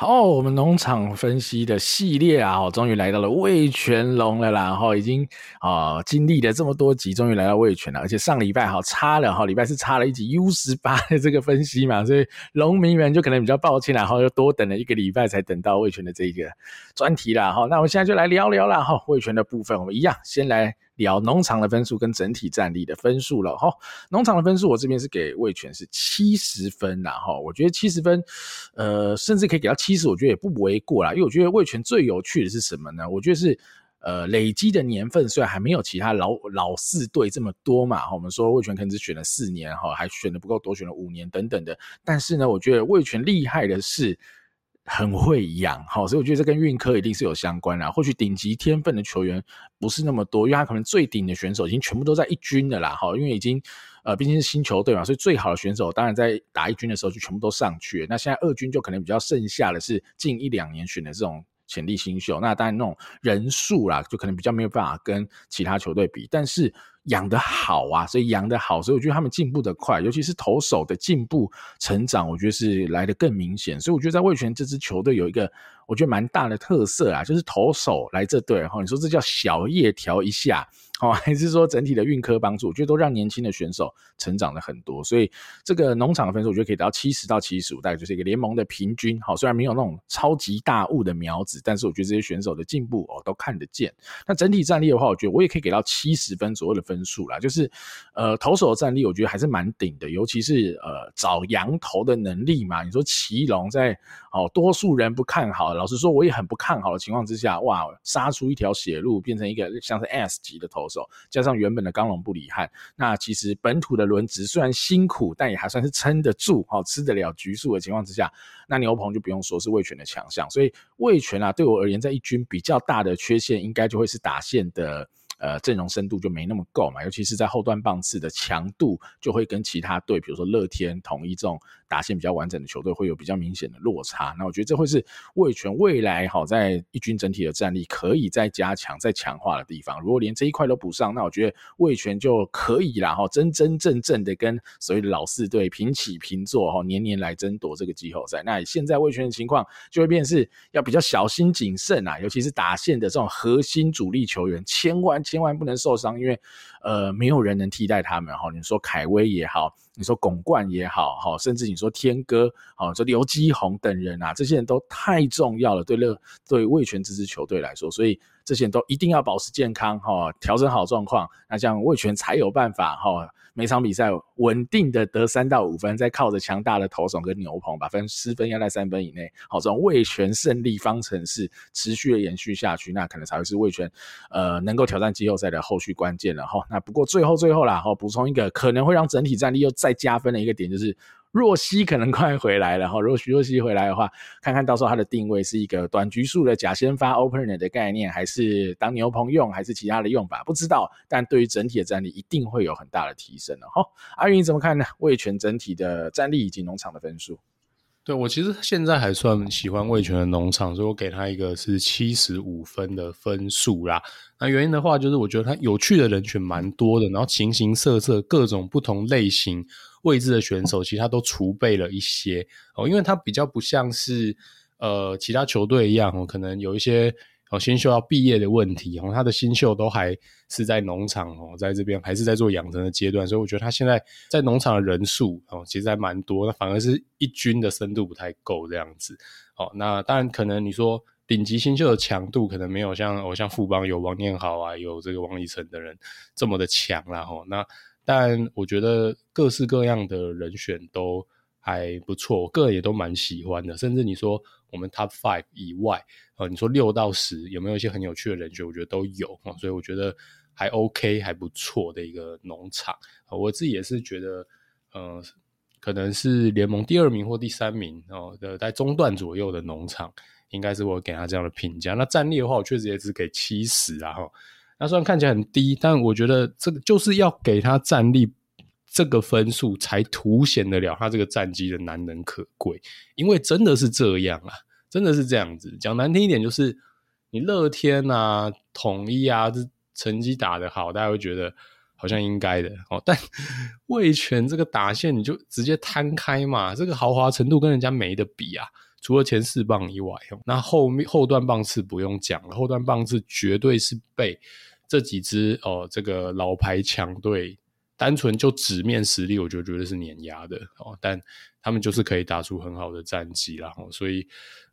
好，我們農場分析的系列啊，終於來到了味全龍了啦！哈，已經啊、呃、經歷了這麼多集，終於來到味全了。而且上禮拜好差了，哈，禮拜是差了一集 U 十八的這個分析嘛，所以農民們就可能比較抱歉啦。然後又多等了一個禮拜才等到味全的這一個專題啦。哈，那我們現在就來聊聊啦。哈，味全的部分，我們一樣先來。聊農場的分數跟整體戰力的分數了哈，農場的分數我這邊是給味全是七十分啦，然後我覺得七十分，呃，甚至可以給到七十，我覺得也不為過啦，因為我覺得味全最有趣的是什麼呢？我覺得是，呃，累積的年份雖然還沒有其他老老四隊這麼多嘛，我們說味全可能只選了四年哈，還選的不夠多，選了五年等等的，但是呢，我覺得味全厲害的是。很會養，好，所以我覺得這跟運科一定是有相關啦。或許頂級天分的球員不是那麼多，因為他可能最頂的選手已經全部都在一軍的啦，好，因為已經，呃，畢竟是新球隊嘛，所以最好的選手當然在打一軍的時候就全部都上去了。那現在二軍就可能比較剩下的是近一兩年選的這種潛力新秀，那當然那種人數啦，就可能比較沒有辦法跟其他球隊比，但是。養得好啊，所以養得好，所以我覺得他們進步得快，尤其是投手的進步成長，我覺得是來得更明顯。所以我覺得在味全這支球隊有一個。我覺得蠻大的特色啊，就是投手來這隊哈，你說這叫小夜調一下、哦，好還是說整體的運科幫助，我覺得都讓年輕的選手成長了很多。所以這個農場的分數，我覺得可以達到七十到七十五，大概就是一個聯盟的平均。好，雖然沒有那種超級大物的苗子，但是我覺得這些選手的進步哦都看得見。那整體戰力的話，我覺得我也可以給到七十分左右的分數啦。就是呃，投手的戰力我覺得還是蠻頂的，尤其是呃找洋投的能力嘛。你說奇隆在。哦，多數人不看好，老實說我也很不看好的情況之下，哇，殺出一條血路，變成一個像是 S 級的投手，加上原本的鋼龍布里漢，那其實本土的輪值雖然辛苦，但也還算是撐得住，好，吃得了局數的情況之下，那牛棚就不用說是味全的強項，所以味全啊，對我而言，在一軍比較大的缺陷，應該就會是打線的呃陣容深度就沒那麼夠嘛，尤其是在後段棒次的強度，就會跟其他隊，比如說樂天、統一這種。打線比較完整的球隊會有比較明顯的落差，那我覺得這會是味全未來好在一軍整體的戰力可以再加強、再強化的地方。如果連這一塊都補上，那我覺得味全就可以啦。哈，真真正正的跟所謂的老四隊平起平坐哈，年年來爭奪這個季後賽。那現在味全的情況就會變成是要比較小心謹慎啊，尤其是打線的這種核心主力球員，千萬千萬不能受傷，因為呃沒有人能替代他們哈。你說凱威也好。你說鞏冠也好，甚至你說天哥，說劉基鴻等人啊，這些人都太重要了，對樂對味全這支球隊來說，所以。這些都一定要保持健康哈，調、哦、整好狀況，那這樣味全才有辦法哈、哦。每場比賽穩定的得三到五分，再靠着強大的投手跟牛棚，把分失分壓在三分以內，好、哦，這種味全勝利方程式持續的延續下去，那可能才會是味全呃能夠挑戰季後賽的後續關鍵了哈、哦。那不過最後最後啦，哦，補充一個可能會讓整體戰力又再加分的一個點就是。若熙可能快回來了哈，如果徐若熙回來的話，看看到時候他的定位是一個短局數的假先發 opener 的概念，還是當牛棚用，還是其他的用法，不知道。但對於整體的戰力，一定會有很大的提升哈、哦。阿雲你怎麼看呢？味全整體的戰力以及農場的分數？對，我其實現在還算喜歡味全的農場，所以我給他一個是七十五分的分數啦。那原因的話，就是我覺得他有趣的人群蠻多的，然後形形色色，各種不同類型。位置的選手其實他都儲備了一些、哦、因為他比較不像是呃其他球隊一樣、哦、可能有一些、哦、新秀要畢業的問題、哦、他的新秀都還是在農場、哦、在這邊還是在做養成的階段，所以我覺得他現在在農場的人數、哦、其實還蠻多，反而是一軍的深度不太夠這樣子、哦、那當然可能你說頂級新秀的強度可能沒有像我、哦、像富邦有王念好啊，有這個王以晨的人這麼的強然哈。那但我覺得各式各樣的人選都還不錯，我個人也都蠻喜歡的。甚至你說我們 top five 以外、呃、你說六到十有沒有一些很有趣的人選？我覺得都有、哦、所以我覺得還 OK，還不錯的一個農場。哦、我自己也是覺得、呃，可能是聯盟第二名或第三名哦的，在中段左右的農場，應該是我給他這樣的評價。那戰力的話，我確實也只給七十啊，哦。那雖然看起來很低，但我覺得這個就是要給他戰力這個分數，才凸顯得了他這個戰績的難能可貴。因為真的是這樣啊，真的是這樣子。講難聽一點，就是你樂天啊、統一啊，這成績打得好，大家會覺得好像應該的。哦，但味全這個打線，你就直接攤開嘛，這個豪華程度跟人家沒得比啊。除了前四棒以外，哦，那後面後段棒次不用講了，後段棒次絕對是被這幾支哦、呃、這個老牌強隊，單純就紙面實力，我覺得是碾壓的哦，但他們就是可以打出很好的戰績啦吼、哦，所以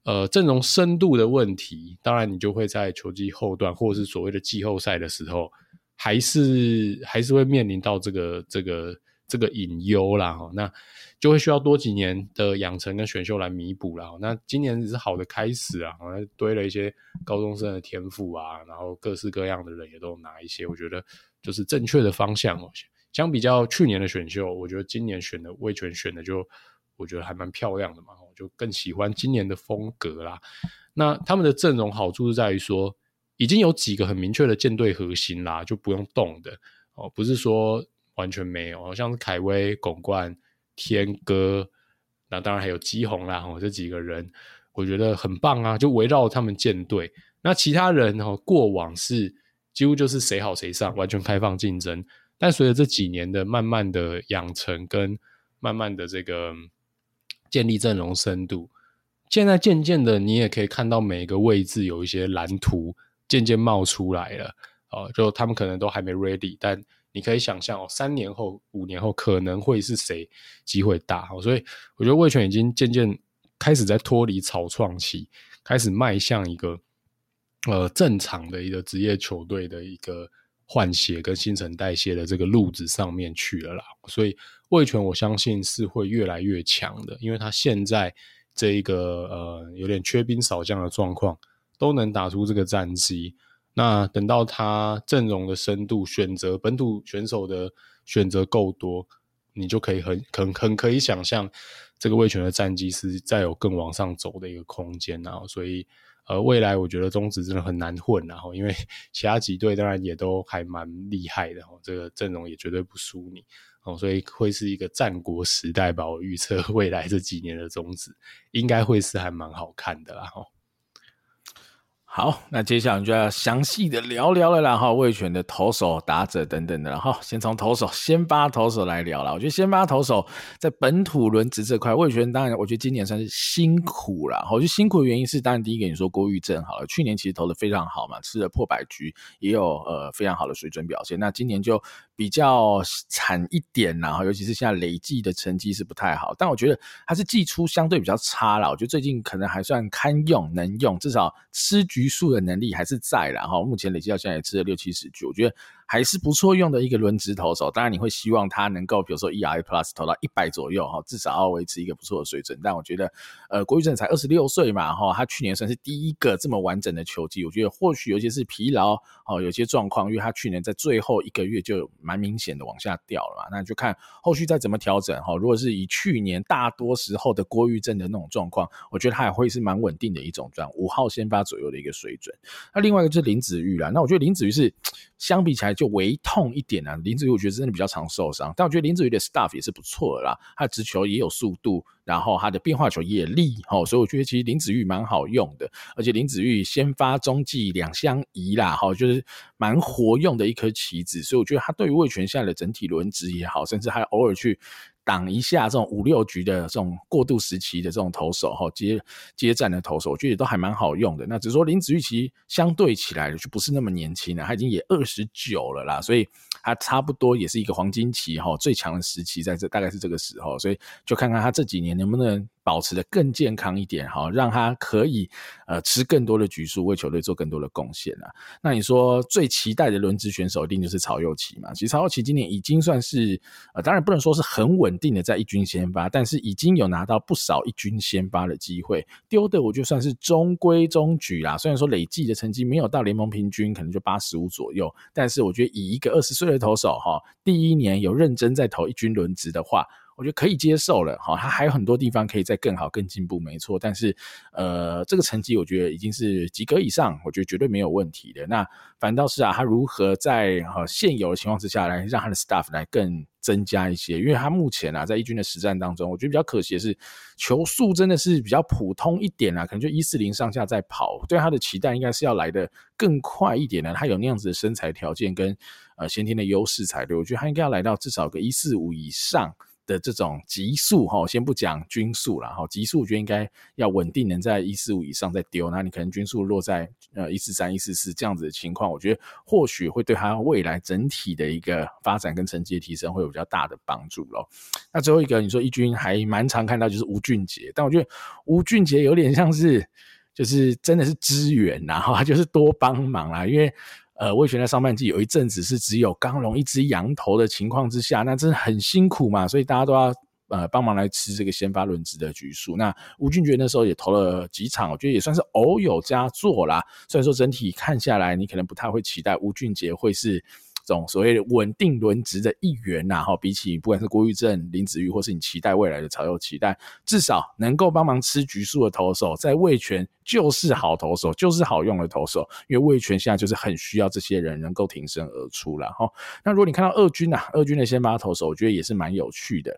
呃，陣容深度的問題，當然你就會在球季後段或者是所謂的季後賽的時候，還是還是會面臨到這個這個。這個隱憂啦，那就會需要多幾年的養成跟選秀來彌補啦。那今年是好的開始啊，好像堆了一些高中生的天賦啊，然後各式各樣的人也都有拿一些，我覺得就是正確的方向哦。相比較去年的選秀，我覺得今年選的味全選的就我覺得還蠻漂亮的嘛，我就更喜歡今年的風格啦。那他們的陣容好處是在於說已經有幾個很明確的建隊核心啦，就不用動的哦，不是說。完全沒有，像是凱威、鞏冠、天哥，那、啊、當然還有基鴻啦。我這幾個人我覺得很棒啊，就圍繞他們建隊。那其他人哦，過往是幾乎就是誰好誰上，完全開放競爭。但隨着這幾年的慢慢的養成跟慢慢的這個建立陣容深度，現在漸漸的你也可以看到每個位置有一些藍圖漸漸冒出來了。哦，就他們可能都還沒 ready，但。你可以想象哦，三年後、五年後可能會是誰機會大？所以我覺得味全已經漸漸開始在脫離草創期，開始邁向一個呃正常的一個職業球隊的一個換血跟新陳代謝的這個路子上面去了啦。所以味全我相信是會越來越強的，因為他現在這一個呃有點缺兵少將的狀況，都能打出這個戰績。那等到他陣容的深度選擇本土選手的選擇夠多，你就可以很、很、很可以想象這個味全的戰績是再有更往上走的一個空間。然後，所以呃，未來我覺得中職真的很難混。然後，因為其他幾隊當然也都還蠻厲害的，吼，這個陣容也絕對不輸你，哦，所以會是一個戰國時代吧。我預測未來這幾年的中職應該會是還蠻好看的啦，然後。好，那接下來我們就要詳細的聊聊了啦。哈，味全的投手、打者等等的，然後先從投手、先發投手來聊了。我覺得先發投手在本土輪值這塊，味全當然，我覺得今年算是辛苦了。我覺得辛苦的原因是，當然第一個你說郭郁政好了，去年其實投得非常好嘛，吃了破百局，也有呃非常好的水準表現。那今年就。比較慘一點，然後尤其是現在累計的成績是不太好，但我覺得還是季初相對比較差啦，我覺得最近可能還算堪用，能用，至少吃局數的能力還是在，然後目前累計到現在也吃了六七十局，我覺得。還是不錯用的一個輪值投手，當然你會希望他能夠，比如說 ERA Plus 投到一百左右哈，至少要維持一個不錯的水準。但我覺得，呃，郭鬱政才二十六歲嘛，哈，他去年算是第一個這麼完整的球季，我覺得或許有些是疲勞哦，有些狀況，因為他去年在最後一個月就蠻明顯的往下掉了嘛。那就看後續再怎麼調整哈。如果是以去年大多時候的郭鬱政的那種狀況，我覺得他也會是蠻穩定的一種狀態，五號先發左右的一個水準。那另外一個就是林子玉啦，那我覺得林子玉是相比起來。就唯痛一點呢，啊，林子豫我覺得真的比較常受傷，但我覺得林子豫的 stuff 也是不錯的啦。他的直球也有速度，然後他的變化球也力，吼，所以我覺得其實林子豫蠻好用的。而且林子豫先發中繼兩相宜啦，就是蠻活用的一顆棋子。所以我覺得他對於味全現在的整體輪值也好，甚至還偶爾去。擋一下這種五六局的這種過渡時期的這種投手哈，接接戰的投手，我覺得也都還蠻好用的。那只是說林子玉其實相對起來的就不是那麼年輕了啊，他已經也二十九了啦，所以他差不多也是一個黃金期哈，最強的時期在這，大概是這個時候，所以就看看他這幾年能不能。保持得更健康一點，哈，讓他可以呃吃更多的局數，為球隊做更多的貢獻啊。那你說最期待的輪值選手一定就是曹祐齊嘛？其實曹祐齊今年已經算是呃，當然不能說是很穩定的在一軍先發，但是已經有拿到不少一軍先發的機會。丟的我就算是中規中矩啦，雖然說累計的成績沒有到聯盟平均，可能就八十五左右，但是我覺得以一個二十歲的投手哈，第一年有認真在投一軍輪值的話。我覺得可以接受了，哈，他還有很多地方可以再更好、更進步，沒錯。但是，呃，這個成績我覺得已經是及格以上，我覺得絕對沒有問題的。那反倒是啊，他如何在呃現有的情況之下來讓他的 staff 來更增加一些？因為他目前啊在一軍的實戰當中，我覺得比較可惜的是，球速真的是比較普通一點啊，可能就一四零上下在跑。對他的期待應該是要來得更快一點呢，他有那樣子的身材條件跟，呃，先天的優勢才對，我覺得他應該要來到至少個一四五以上的這種極速，先不講均速了哈，極速就應該要穩定能在一四五以上再丟，那你可能均速落在一四三、一四四這樣子的情況，我覺得或許會對他未來整體的一個發展跟成績的提升會有比較大的幫助。那最後一個你說一軍還蠻常看到就是吳俊杰，但我覺得吳俊杰有點像是就是真的是支援吶，他就是多幫忙啦，因為。呃，味全在上半季有一陣子是只有剛龍一隻洋投的情況之下，那真的很辛苦嘛，所以大家都要呃幫忙來吃這個先發輪值的局數。那吳俊杰那時候也投了幾場，我覺得也算是偶有佳作啦。雖然說整體看下來，你可能不太會期待吳俊杰會是。這種所謂的穩定輪值的一員吶，哈，比起不管是郭玉正、林子玉，或是你期待未來的曹又齊，但至少能夠幫忙吃局數的投手，在味全就是好投手，就是好用的投手，因為味全現在就是很需要這些人能夠挺身而出了哈。那如果你看到二軍啊，二軍那些媽投手，我覺得也是蠻有趣的。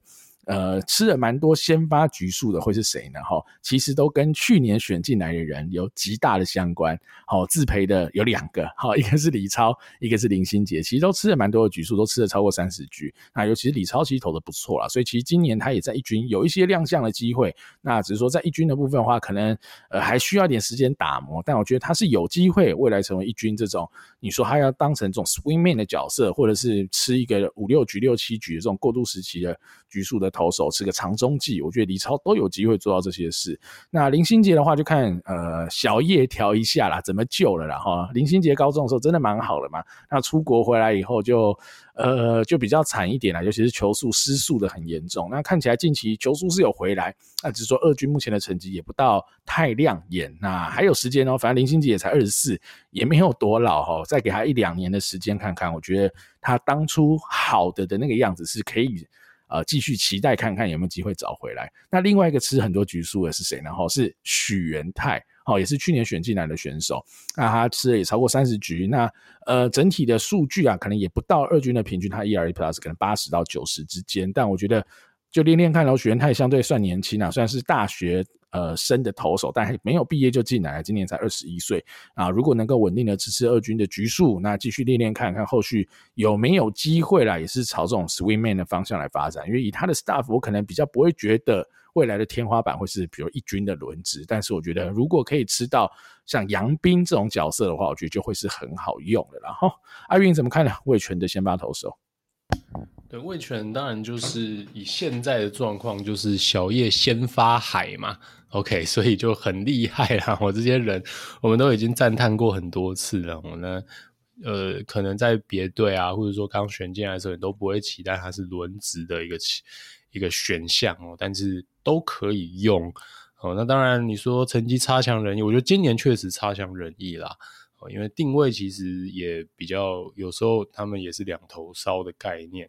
呃，吃了蠻多先發局數的會是誰呢？哈，其實都跟去年選進來的人有極大的相關。好，自培的有兩個，好，一個是李超，一個是林心杰。其實都吃了蠻多的局數，都吃了超過三十局。那尤其是李超，其實投的不錯啦，所以其實今年他也在一軍有一些亮相的機會。那只是說在一軍的部分的話，可能呃還需要一點時間打磨。但我覺得他是有機會未來成為一軍這種，你說他要當成這種 swing man 的角色，或者是吃一個五六局六七局的這種過渡時期的局數的。投手是個長中繼，我覺得李超都有機會做到這些事。那林心杰的話，就看呃小葉調一下啦，怎麼救了啦。哈。林心杰高中的時候真的蠻好的嘛，那出國回來以後就呃就比較慘一點了，尤其是球速失速的很嚴重。那看起來近期球速是有回來，那、啊、只是說二軍目前的成績也不到太亮眼。那還有時間哦，反正林心杰也才二十四，也沒有多老哈、哦，再給他一兩年的時間看看，我覺得他當初好的的那個樣子是可以。呃，繼續期待看看有沒有機會找回來。那另外一個吃很多局數的是誰呢？好，是許元泰，好，也是去年選進來的選手。那他吃了也超過三十局。那呃，整體的數據啊，可能也不到二軍的平均，他 ERA Plus 可能八十到九十之間。但我覺得。就練練看嘍，許元泰他也相對算年輕啦，雖然是大學呃生的投手，但是沒有畢業就進來，今年才二十一歲啊。如果能夠穩定的支持二軍的局數，那繼續練練看看後續有沒有機會啦，也是朝這種 swing man 的方向來發展。因為以他的 stuff，我可能比較不會覺得未來的天花板會是比如一軍的輪值，但是我覺得如果可以吃到像楊彬這種角色的話，我覺得就會是很好用的了。哈、哦，阿雲怎麼看呢？味全的先發投手。對，味全當然就是以現在的狀況，就是小葉先發海嘛，OK，所以就很厲害啦。我這些人，我們都已經讚嘆過很多次了。我、哦、呢，呃，可能在別隊啊，或者說剛選進來的時候，你都不會期待它是輪值的一個一個選項哦，但是都可以用哦。那當然，你說成績差強人意，我覺得今年確實差強人意啦。因為定位其實也比較，有時候他們也是兩頭燒的概念。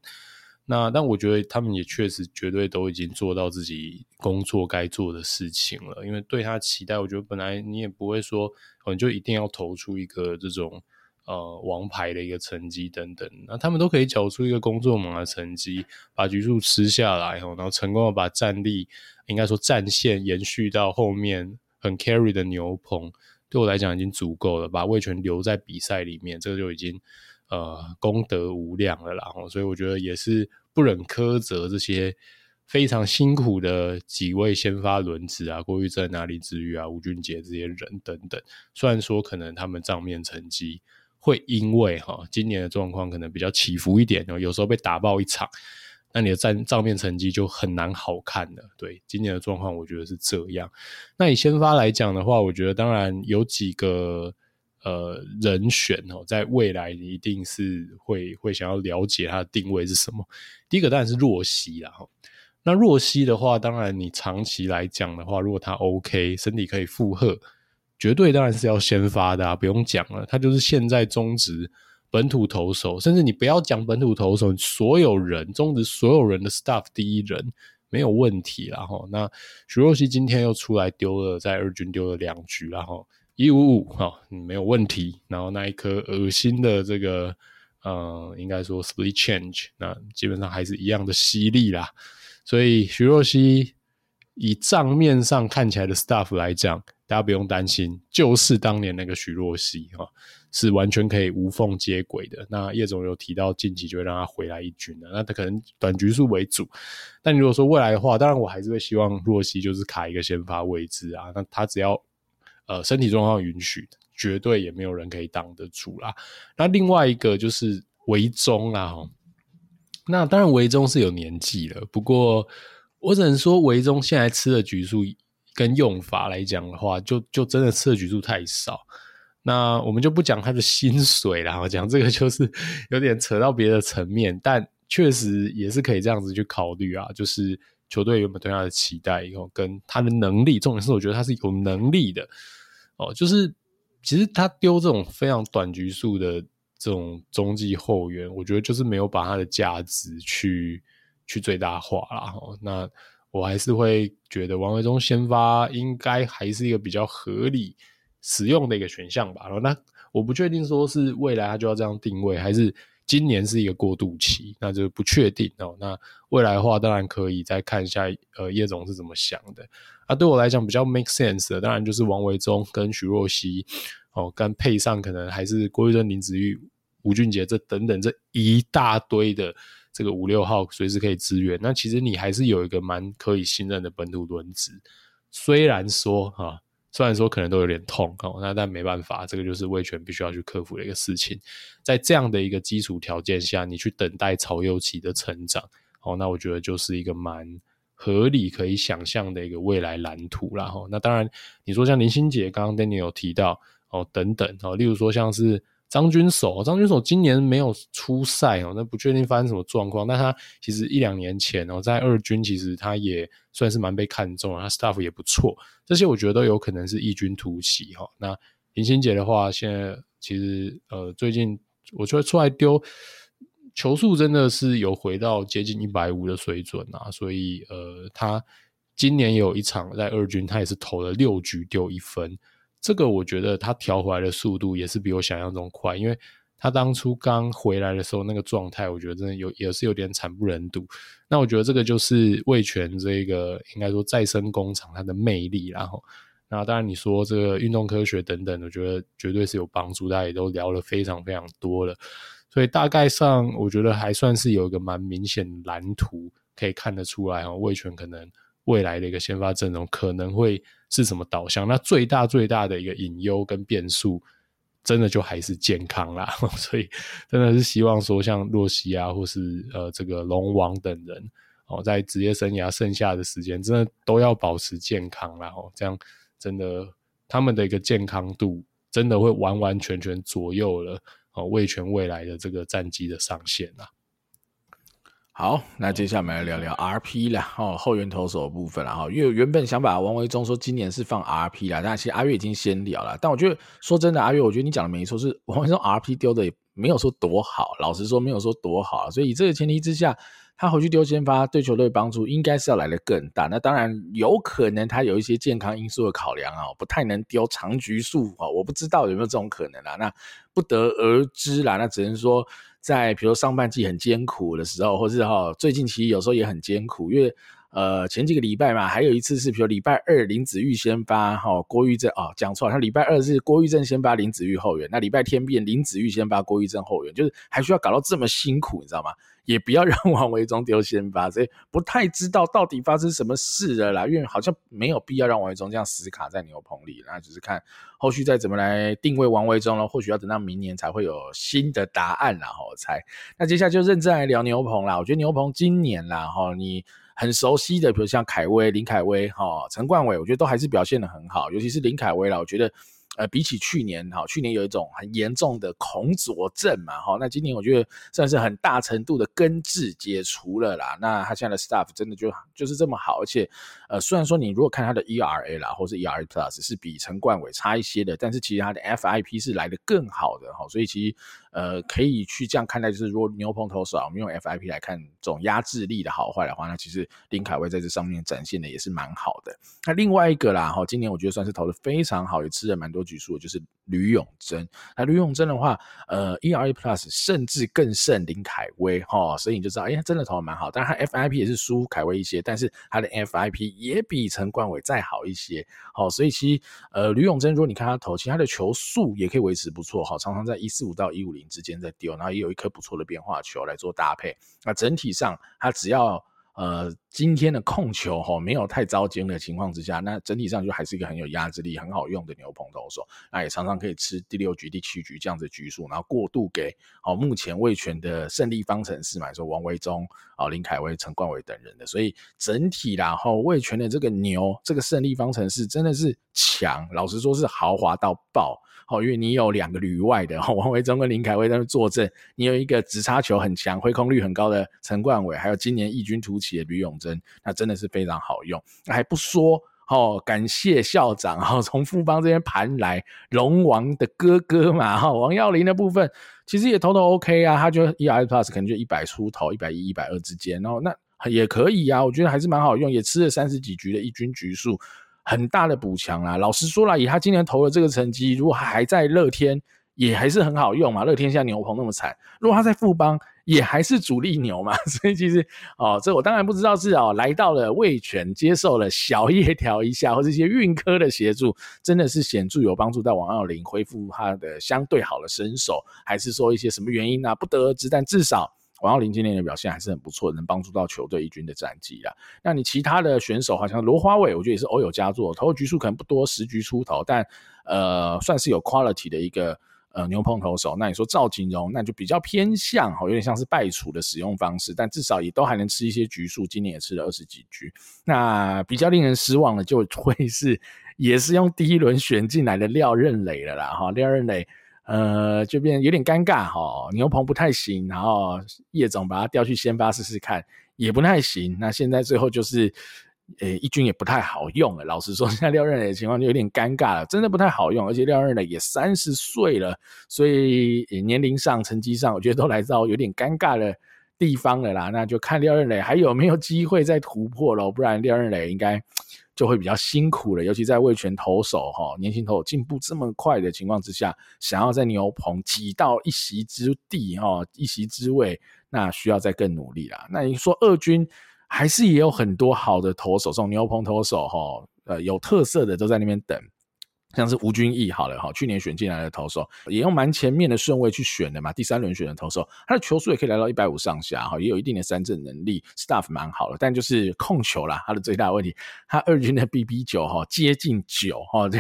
那但我覺得他們也確實絕對都已經做到自己工作該做的事情了。因為對他期待，我覺得本來你也不會說，你就一定要投出一個這種呃王牌的一個成績等等。那他們都可以繳出一個工作馬的成績，把局數吃下來，然後成功的把戰力，應該說戰線延續到後面很 carry 的牛棚。對我來講已經足夠了，把味全留在比賽裡面，這個就已經呃功德無量了啦。所以我覺得也是不忍苛責這些非常辛苦的幾位先發輪值啊，郭郁政、啊、林治宇啊、吳俊杰這些人等等。雖然說可能他們賬面成績會因為、啊、今年的狀況可能比較起伏一點，有時候被打爆一場，那你的帳帳面成績就很難好看了，對。今年的狀況，我覺得是這樣。那你先發來講的話，我覺得當然有幾個呃人選哦，在未來你一定是會會想要了解他的定位是什麼。第一個當然是若熙啦，那若熙的話，當然你長期來講的話，如果他 OK，身體可以負荷，絕對當然是要先發的啊，不用講了，他就是現在中職本土投手，甚至你不要講本土投手，所有人，總之，所有人的 staff 第一人沒有問題啦哈、哦。那徐若熙今天又出來丟了，在二軍丟了兩局然後一五五哈，哦 5, 哦、沒有問題。然後那一顆噁心的這個，嗯、呃，應該說 split change，那基本上還是一樣的犀利啦。所以徐若熙以賬面上看起來的 staff 來講，大家不用擔心，就是當年那個徐若熙哈。是完全可以無縫接軌的。那葉總有提到近期就會讓他回來一軍的，那他可能短局數為主。但你如果說未來的話，當然我還是會希望徐若熙就是卡一個先發位置啊。那他只要呃身體狀況允許，絕對也沒有人可以擋得住啦。那另外一個就是維中啦，啊，那當然維中是有年紀了，不過我只能說維中現在吃的局數跟用法來講的話，就就真的吃的局數太少。那我們就不講他的薪水啦，後講這個就是有點扯到別的層面，但確實也是可以這樣子去考慮啊。就是球隊有沒有對他的期待以後然後跟他的能力，重點是我覺得他是有能力的哦。就是其實他丟這種非常短局數的這種中繼後援，我覺得就是沒有把他的價值去去最大化啦、哦。那我還是會覺得王維中先發應該還是一個比較合理。使用的一個選項吧、哦，那我不確定說是未來它就要這樣定位，還是今年是一個過渡期，那就不確定、哦、那未來的話，當然可以再看一下，呃，葉總是怎麼想的。啊，對我來講比較 make sense 的，當然就是王維中跟徐若熙，哦，跟配上可能還是郭郁政、林子玉、吳俊杰這等等這一大堆的這個五六號，隨時可以支援。那其實你還是有一個蠻可以信任的本土輪值，雖然說哈。啊雖然說可能都有點痛、哦、那但沒辦法，這個就是味全必須要去克服的一個事情。在這樣的一個基礎條件下，你去等待曹又起的成長、哦、那我覺得就是一個蠻合理可以想象的一個未來藍圖啦。哦、那當然，你說像林心姐剛剛 Daniel 有提到、哦、等等、哦、例如說像是。張軍守，張軍守今年沒有出賽哦，那不確定發生什麼狀況。但他其實一兩年前哦，在二軍其實他也算是蠻被看中，他 stuff 也不錯，這些我覺得都有可能是異軍突起哦，那林心杰的話，現在其實呃最近我覺得出來丟球速真的是有回到接近一百五的水準啊，所以呃他今年有一場在二軍，他也是投了六局丟一分。這個我覺得他調回來的速度也是比我想象中快，因為他當初剛回來的時候那個狀態，我覺得真的有也是有點慘不忍睹。那我覺得這個就是味全這個應該說再生工廠它的魅力，然後，那當然你說這個運動科學等等，我覺得絕對是有幫助，大家也都聊了非常非常多了，所以大概上我覺得還算是有一個蠻明顯的藍圖可以看得出來哈，味全可能未來的一個先發陣容可能會。是什麼導向？那最大最大的一個隱憂跟變數，真的就還是健康啦。 所以真的是希望說，像若熙啊，或是呃這個龍王等人哦，在職業生涯剩下的時間，真的都要保持健康啦。哦，這樣真的他們的一個健康度，真的會完完全全左右了哦味全未，未來的這個戰績的上限啦。好，那接下來我們來聊聊 RP 了哈，後援投手的部分了，因為原本想把王維中說今年是放 RP 了，但其實阿月已經先聊了。但我覺得說真的，阿月，我覺得你講的沒錯，是王維中 RP 丟的也沒有說多好，老實說沒有說多好，所以以這個前提之下。他回去丟先發對球隊幫助應該是要來得更大。那當然有可能他有一些健康因素的考量啊、哦，不太能丟長局數啊。我不知道有沒有這種可能啊，那不得而知啦。那只能說在比如上半季很艱苦的時候，或是哈、哦、最近其實有時候也很艱苦，因為呃前幾個禮拜嘛，還有一次是比如禮拜二林子崴先發哈郭郁政啊講錯了，好像禮拜二是郭郁政先發林子崴後援，那禮拜天變林子崴先發郭郁政後援，就是還需要搞到這麼辛苦，你知道嗎？也不要讓王維中丟先發，所以不太知道到底發生什麼事了啦，因為好像沒有必要讓王維中這樣死卡在牛棚裡，那只就是看後續再怎麼來定位王維中了，或許要等到明年才會有新的答案然後，哈。我猜，那接下來就認真來聊牛棚啦，我覺得牛棚今年啦哈，你很熟悉的，比如像凱威、林凱威哈、陳冠偉，我覺得都還是表現得很好，尤其是林凱威啦，我覺得。呃，比起去年，哈，去年有一種很嚴重的恐左症嘛，哈，那今年我覺得算是很大程度的根治解除了啦。那他現在的 staff 真的就就是這麼好，而且，呃，雖然說你如果看他的 ERA 啦，或是 ERA Plus 是比陳冠偉差一些的，但是其實他的 FIP 是來得更好的，哈，所以其實。呃，可以去這樣看待，就是如果牛棚投手啊，我們用 FIP 來看這種壓制力的好壞的話，那其實林凱威在這上面展現的也是蠻好的。那另外一個啦，哈，今年我覺得算是投的非常好，也吃了蠻多局數，就是呂永貞。那呂永貞的話，呃，ERA Plus 甚至更勝林凱威哈、哦，所以你就知道，欸、他真的投的蠻好。但是他 FIP 也是輸凱威一些，但是他的 FIP 也比陳冠偉再好一些。好、哦，所以其呃，呂永貞如果你看他投，其他的球速也可以維持不錯，好、哦，常常在一四五到一五零。之間在丟，然後也有一顆不錯的變化球來做搭配。那整體上，他只要呃今天的控球吼、哦、沒有太糟糕的情況之下，那整體上就還是一個很有壓制力、很好用的牛棚投手。那也常常可以吃第六局、第七局這樣子的局數，然後過渡給好、哦、目前味全的勝利方程式嘛，就是、說王維中啊、林凱威、陳冠偉等人的。所以整體啦，吼味全的這個牛這個勝利方程式真的是強，老實說是豪華到爆。哦，因為你有兩個旅外的王維中跟林凱威在那坐鎮，你有一個直插球很強、揮空率很高的陳冠偉，還有今年異軍突起的呂永貞，那真的是非常好用，那還不說哦，感謝校長哦，從富邦這邊盤來龍王的哥哥嘛哈、哦，王躍霖的部分其實也通通 OK 啊，他就 ERA+ 肯定就一百出頭、一百一、一百二之間，然後那也可以啊，我覺得還是蠻好用，也吃了三十幾局的一軍局數。很大的補強啦，老實說啦，以他今年投了這個成績，如果還在樂天，也還是很好用嘛。樂天像牛棚那麼慘，如果他在富邦，也還是主力牛嘛。所以其實哦，這我當然不知道是哦，來到了味全，接受了小葉調一下，或是一些運科的協助，真的是顯著有幫助到王躍霖恢復他的相對好的身手，還是說一些什麼原因呢、啊？不得而知，但至少。王躍霖今年的表現還是很不錯，能幫助到球隊一軍的戰績了。那你其他的選手，好像羅華韋，我覺得也是偶有佳作，投局數可能不多，十局出頭，但呃，算是有 quality 的一個呃牛棚投手。那你說趙璟榮，那就比較偏向哦，有點像是敗處的使用方式，但至少也都還能吃一些局數，今年也吃了二十幾局。那比較令人失望的，就會是也是用第一輪選進來的廖任磊了啦，哈，廖任磊。呃，就變有點尷尬哈，牛棚不太行，然後葉總把他調去先發試試看，也不太行。那現在最後就是，欸、一軍也不太好用了。了老實說，現在廖任磊情況就有點尷尬了，真的不太好用，而且廖任磊也三十歲了，所以年齡上、成績上，我覺得都來到有點尷尬的地方了啦。那就看廖任磊還有沒有機會再突破咯，不然廖任磊應該。就會比較辛苦了，尤其在味全投手哈，年輕投手進步這麼快的情況之下，想要在牛棚擠到一席之地哈，一席之位，那需要再更努力啦。那你說二軍還是也有很多好的投手，從牛棚投手哈，呃，有特色的都在那邊等。像是吳君義好了哈，去年選進來的投手，也用蠻前面的順位去選的嘛，第三輪選的投手，他的球速也可以來到一百五上下哈，也有一定的三振能力，staff 蠻好的，但就是控球啦，他的最大的問題，他二軍的 BB 九哈接近九哈，這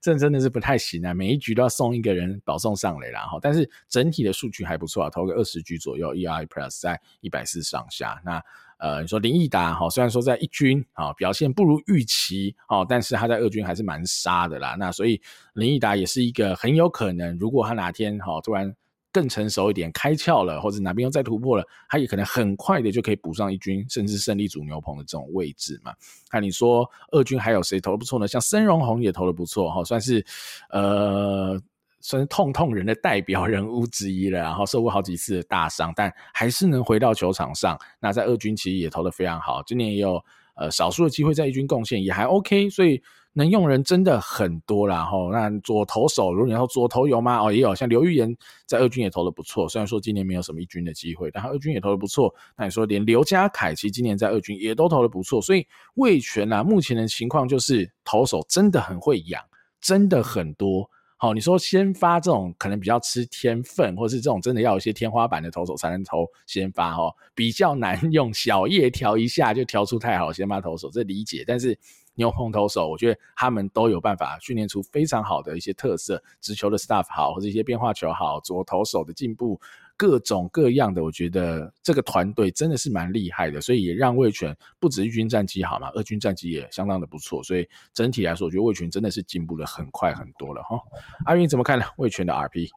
真，真的是不太行啊，每一局都要送一個人保送上壘了哈，但是整體的數據還不錯啊，投個二十局左右，ERA+ 在一百四上下那。呃，你說林毅達哈，雖然說在一軍啊、哦、表現不如預期哦，但是他在二軍還是蠻殺的啦。那所以林毅達也是一個很有可能，如果他哪天哈、哦、突然更成熟一點，開竅了，或者哪邊又再突破了，他也可能很快的就可以補上一軍，甚至勝利組牛棚的這種位置嘛。那你說二軍還有誰投得不錯呢？像申榮宏也投得不錯哈、哦，算是呃。算是痛痛人的代表人物之一了，然後受過好幾次的大傷，但還是能回到球場上。那在二軍其實也投的非常好，今年也有呃少數的機會在一軍貢獻也還 OK，所以能用人真的很多啦，然後那左投手，如果你要左投有嗎？哦，也有，像劉玉言在二軍也投的不錯，雖然說今年沒有什麼一軍的機會，但他二軍也投的不錯。那你說連劉家凱其實今年在二軍也都投的不錯，所以味全啊，目前的情況就是投手真的很會養，真的很多。好、哦，你說先發這種可能比較吃天分，或是這種真的要有一些天花板的投手才能投先發，哦，比較難用小葉調一下就調出太好先發投手，這理解。但是牛棚投手，我覺得他們都有辦法訓練出非常好的一些特色，直球的 stuff 好，或者一些變化球好，左投手的進步。各種各樣的，我覺得這個團隊真的是蠻厲害的，所以也讓味全不止一軍戰績好嘛，二軍戰績也相當的不錯，所以整體來說，我覺得味全真的是進步的很快很多了哈。阿云你怎麼看呢？味全的 RP？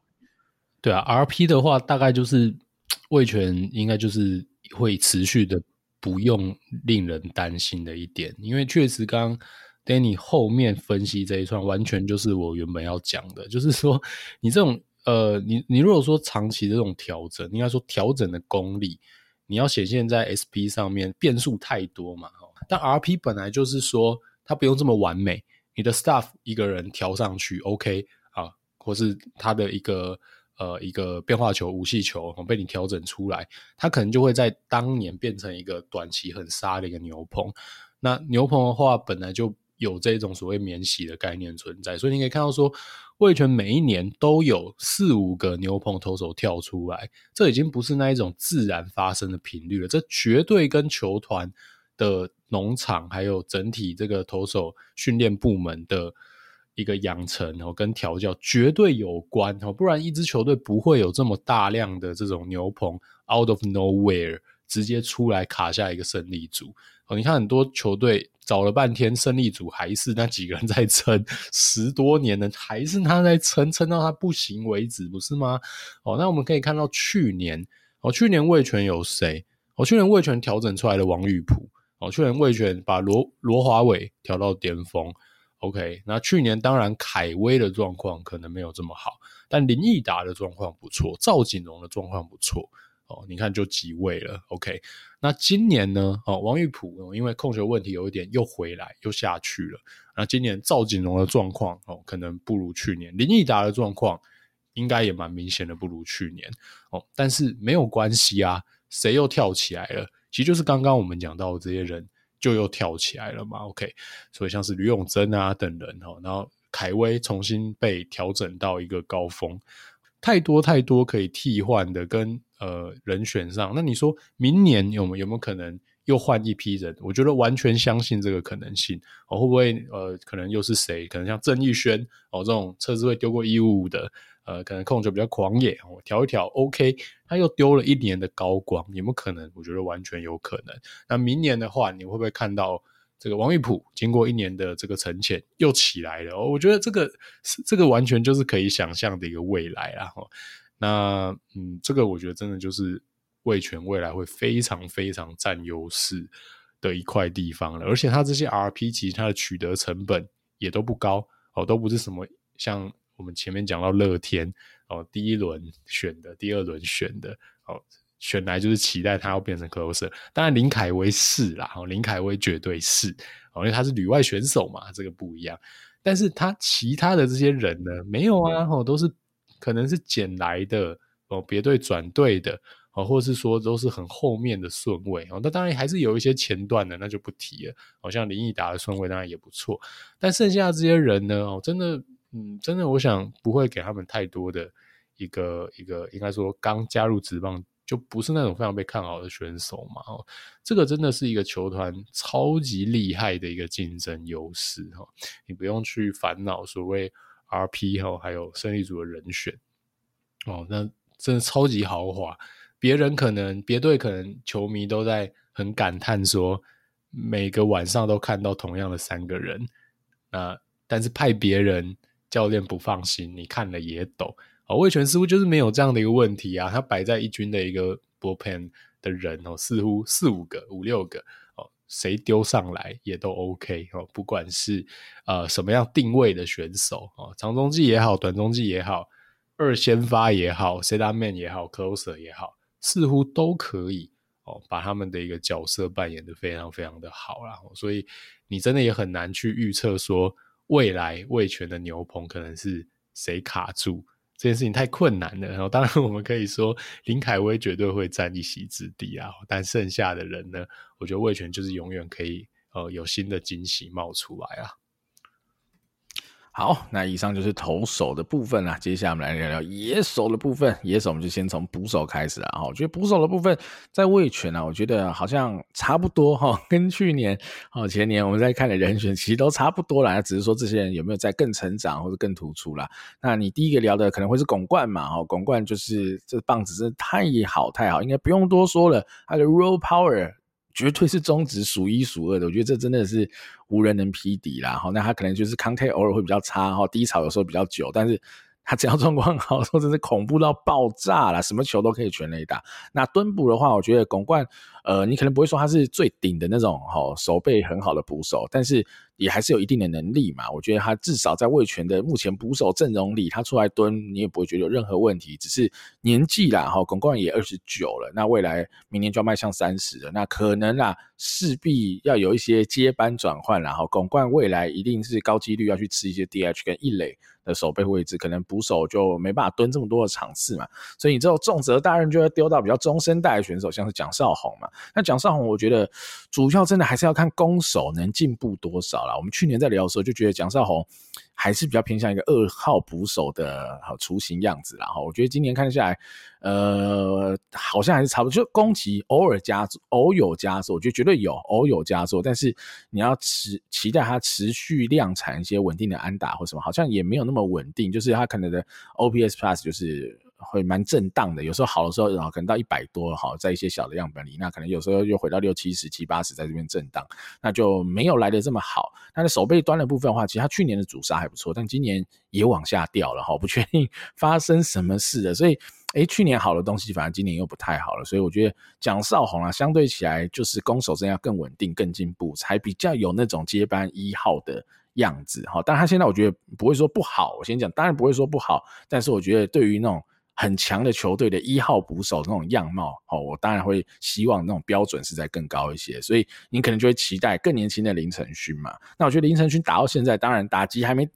對啊，RP 的話，大概就是味全應該就是會持續的不用令人擔心的一點，因為確實剛剛 Danny 後面分析這一串，完全就是我原本要講的，就是說你這種。呃，你你如果說長期這種調整，你應該說調整的功力，你要顯現在 SP 上面，變數太多嘛、哦。但 RP 本來就是說，它不用這麼完美，你的 staff 一個人調上去，OK 啊，或是他的一個呃一個變化球、武器球、哦、被你調整出來，它可能就會在當年變成一個短期很殺的一個牛棚。那牛棚的話，本來就。有這種所謂免洗的概念存在，所以你可以看到說，味全每一年都有四五個牛棚投手跳出來，這已經不是那一種自然發生的頻率了，這絕對跟球團的農場還有整體這個投手訓練部門的一個養成跟調教絕對有關。不然一支球隊不會有這麼大量的這種牛棚 out of nowhere 直接出來卡下一個勝利組。你看很多球隊。找了半天，勝利組還是那幾個人在撐，十多年了還是他在撐，撐到他不行為止，不是嗎？哦，那我們可以看到去年，哦，去年味全有誰？我、哦、去年味全調整出來的王玉譜，哦，去年味全把羅羅華韋調到巔峰，OK。那去年當然凱威的狀況可能沒有這麼好，但林義達的狀況不錯，趙璟榮的狀況不錯。哦，你看就幾位了，OK。那今年呢？哦，王玉譜、哦、因為控球問題有一點又回來又下去了。那、啊、今年趙錦榮的狀況哦，可能不如去年；林毅達的狀況應該也蠻明顯的不如去年。哦，但是沒有關係啊，誰又跳起來了？其實就是剛剛我們講到的這些人就又跳起來了嘛，OK。所以像是呂永貞啊等人哦，然後凱威重新被調整到一個高峰，太多太多可以替換的跟。呃，人選上，那你說明年有沒有，有沒有可能又換一批人？我覺得完全相信這個可能性。我、哦、會不會呃，可能又是誰？可能像鄭義軒哦，這種車子會丟過一五五的，呃，可能控球比較狂野，我、哦、調一調，OK，他又丟了一年的高光，有沒有可能？我覺得完全有可能。那明年的話，你會不會看到這個王玉譜經過一年的這個沉潛又起來了、哦？我覺得這個這個完全就是可以想象的一個未來啊！哈、哦。那嗯，這個我覺得真的就是味全未來會非常非常佔優勢的一塊地方了。而且他這些 RP，其實他的取得成本也都不高哦，都不是什麼像我們前面講到樂天哦，第一輪選的，第二輪選的哦，選來就是期待他要變成 closer。當然林凱威是啦，哦，林凱威絕對是哦，因為他是旅外選手嘛，這個不一樣。但是他其他的這些人呢，沒有啊哦，都是。可能是撿來的哦，別隊轉隊的哦，或者是說都是很後面的順位哦。那當然還是有一些前段的，那就不提了。好、哦、像林毅達的順位當然也不錯，但剩下這些人呢？哦，真的，嗯，真的，我想不會給他們太多的一個一個，應該說剛加入職棒就不是那種非常被看好的選手嘛。哦，這個真的是一個球團超級厲害的一個競爭優勢哈、哦。你不用去煩惱所謂。R P 吼，還有勝利組的人選哦，那真的超級豪華。別人可能別隊可能球迷都在很感嘆說，每個晚上都看到同樣的三個人。那、呃、但是派別人教練不放心，你看了也抖。哦，味全似乎就是沒有這樣的一個問題啊。他擺在一軍的一個 bullpen 的人哦，似乎四五個、五六個。誰丟上來也都 OK 哦，不管是呃什麼樣定位的選手哦，長中繼也好，短中繼也好，二先發也好，setup man 也好，closer 也好，似乎都可以哦，把他們的一個角色扮演得非常非常的好啦，哦，所以你真的也很難去預測說未來味全的牛棚可能是誰卡住。這件事情太困難了，然後當然我們可以說林凱威絕對會占一席之地啊，但剩下的人呢，我覺得味全就是永遠可以呃有新的驚喜冒出來啊。好，那以上就是投手的部分啦。接下來我們來聊聊野手的部分。野手我們就先從捕手開始啊。我覺得捕手的部分在味全啊，我覺得好像差不多哈，跟去年、哦前年我們在看的人選其實都差不多啦。只是說這些人有沒有在更成長或者更突出啦。那你第一個聊的可能會是鞏冠嘛？哦，鞏冠就是這棒子真的太好太好，應該不用多說了。他的 raw power。絕對是中職數一數二的，我覺得這真的是無人能匹敵啦。哈，那他可能就是 contact 偶爾會比較差哈，低潮有時候比較久，但是。他只要狀況好，真的是恐怖到爆炸了，什麼球都可以全壘打。那蹲捕的話，我覺得鞏冠，呃，你可能不會說他是最頂的那種哈，守備很好的捕手，但是也還是有一定的能力嘛。我覺得他至少在味全的目前捕手陣容裡，他出來蹲，你也不會覺得有任何問題。只是年紀啦，哈，鞏冠也二十九了，那未來明年就要邁向三十了，那可能啦，勢必要有一些接班轉換，然後鞏冠未來一定是高幾率要去吃一些 DH 跟一壘。手背位置可能捕手就沒辦法蹲這麼多的場次嘛，所以你這種重責大任就會丟到比較中生代的選手，像是蔣少宏嘛。那蔣少宏我覺得主要真的還是要看攻守能進步多少啦。我們去年在聊的時候就覺得蔣少宏。還是比較偏向一個二號捕手的好雛形樣子啦，然後我覺得今年看下來，呃，好像還是差不多，就攻擊偶爾加速，偶有加速，我覺得絕對有，偶有加速，但是你要持期待它持續量產一些穩定的安打或什麼，好像也沒有那麼穩定，就是它可能的 OPS Plus 就是。會蠻震盪的，有時候好的時候，可能到一百多，在一些小的樣本裡，那可能有時候又回到六七十、七八十，在這邊震盪，那就沒有來得這麼好。但是手背端的部分的話，其實它去年的阻殺還不錯，但今年也往下掉了，不確定發生什麼事的。所以，哎，去年好的東西，反正今年又不太好了，所以我覺得蔣少宏啊，相對起來就是攻守這要更穩定、更進步，才比較有那種接班一號的樣子，哈。但他現在我覺得不會說不好，我先講，當然不會說不好，但是我覺得對於那種。很強的球隊的一號捕手，那種樣貌，哦，我當然會希望那種標準是在更高一些，所以你可能就會期待更年輕的林辰勳嘛。那我覺得林辰勳打到現在，當然打擊還沒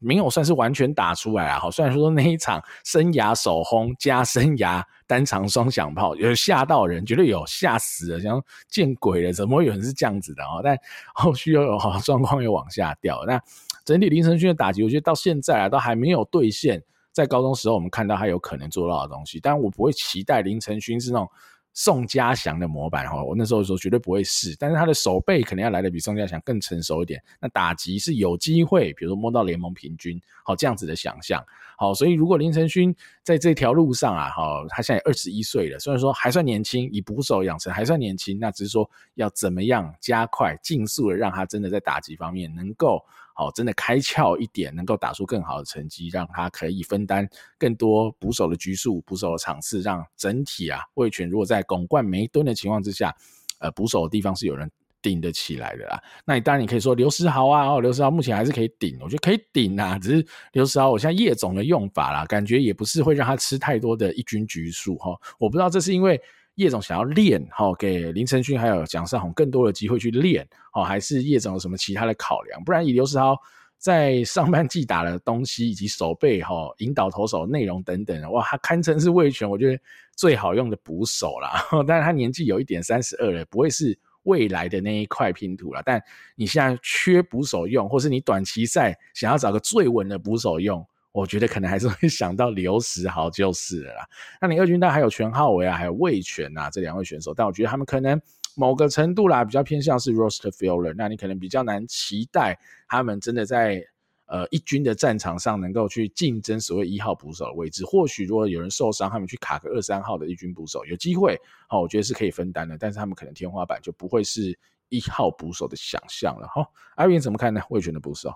沒有算是完全打出來啊。好，雖然說說那一場生涯首轟加生涯單場雙響炮有嚇到人，絕對有嚇死了，像見鬼了，怎麼會有人是這樣子的哦，但後續又有狀況又往下掉。那整體林辰勳的打擊，我覺得到現在啊，都還沒有兌現。在高中時候，我們看到他有可能做到的東西，但我不會期待林辰勳是那種宋家祥的模板哈。我那時候說絕對不會是，但是他的手背肯定要來得比宋家祥更成熟一點。那打擊是有機會，比如說摸到聯盟平均，好，這樣子的想象。好，所以如果林辰勳在這條路上啊，好，他現在二十一歲了，雖然說還算年輕，以捕手養成還算年輕，那只是說要怎麼樣加快盡速的，讓他真的在打擊方面能夠。好、哦，真的開竅一點，能夠打出更好的成績，讓他可以分擔更多捕手的局數、捕手的場次，讓整體啊味全如果在鞏冠沒蹲的情況之下，呃捕手的地方是有人頂得起來的啦。那你當然你可以說劉時豪啊，哦劉時豪目前還是可以頂，我覺得可以頂啊。只是劉時豪我現在葉總的用法啦，感覺也不是會讓他吃太多的一軍局數哈、哦。我不知道這是因為。葉總想要練，好給林辰勳還有蔣少宏更多的機會去練，好還是葉總有什麼其他的考量？不然以劉時豪在上半季打的東西以及守備哈引導投手內容等等，哇，他堪稱是味全我覺得最好用的捕手啦。但是他年紀有一點三十二了，不會是未來的那一塊拼圖啦，但你現在缺捕手用，或是你短期賽想要找個最穩的捕手用，我覺得可能還是會想到劉時豪就是了啦。那你二軍隊還有全浩維啊，還有魏權吶、啊，這兩位選手，但我覺得他們可能某個程度啦，比較偏向是 roster filler。那你可能比較難期待他們真的在呃一軍的戰場上能夠去競爭所謂一號捕手的位置。或許如果有人受傷，他們去卡個二三號的一軍捕手，有機會，好，我覺得是可以分擔的。但是他們可能天花板就不會是一號捕手的想象了。哈，阿雲怎麼看呢？魏權的捕手。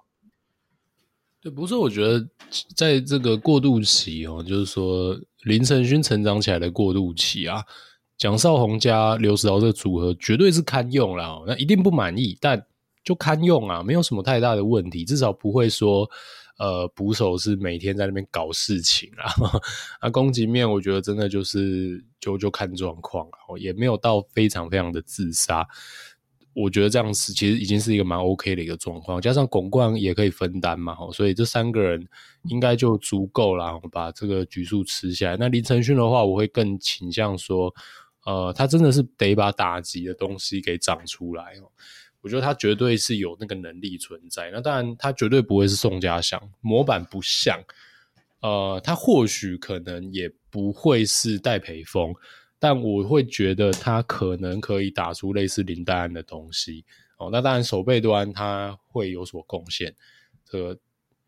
對，不是，我覺得在這個過渡期哦，就是說林辰勳成長起來的過渡期啊，蔣少宏加劉時豪這個組合絕對是堪用了，那一定不滿意，但就堪用啊，沒有什麼太大的問題，至少不會說呃捕手是每天在那邊搞事情啦。那、啊、攻擊面我覺得真的就是就就看狀況啊，也沒有到非常非常的自殺。我覺得這樣是其實已經是一個蠻 OK 的一個狀況，加上鞏冠也可以分擔嘛，所以這三個人應該就足夠了，把這個局數吃下來。那林辰勳的話，我會更傾向說，呃，他真的是得把打擊的東西給長出來。我覺得他絕對是有那個能力存在。那當然，他絕對不會是宋家祥模板不像，呃，他或許可能也不會是戴培峰。但我會覺得他可能可以打出類似林岱安的東西哦，那當然，守備端他會有所貢獻。這個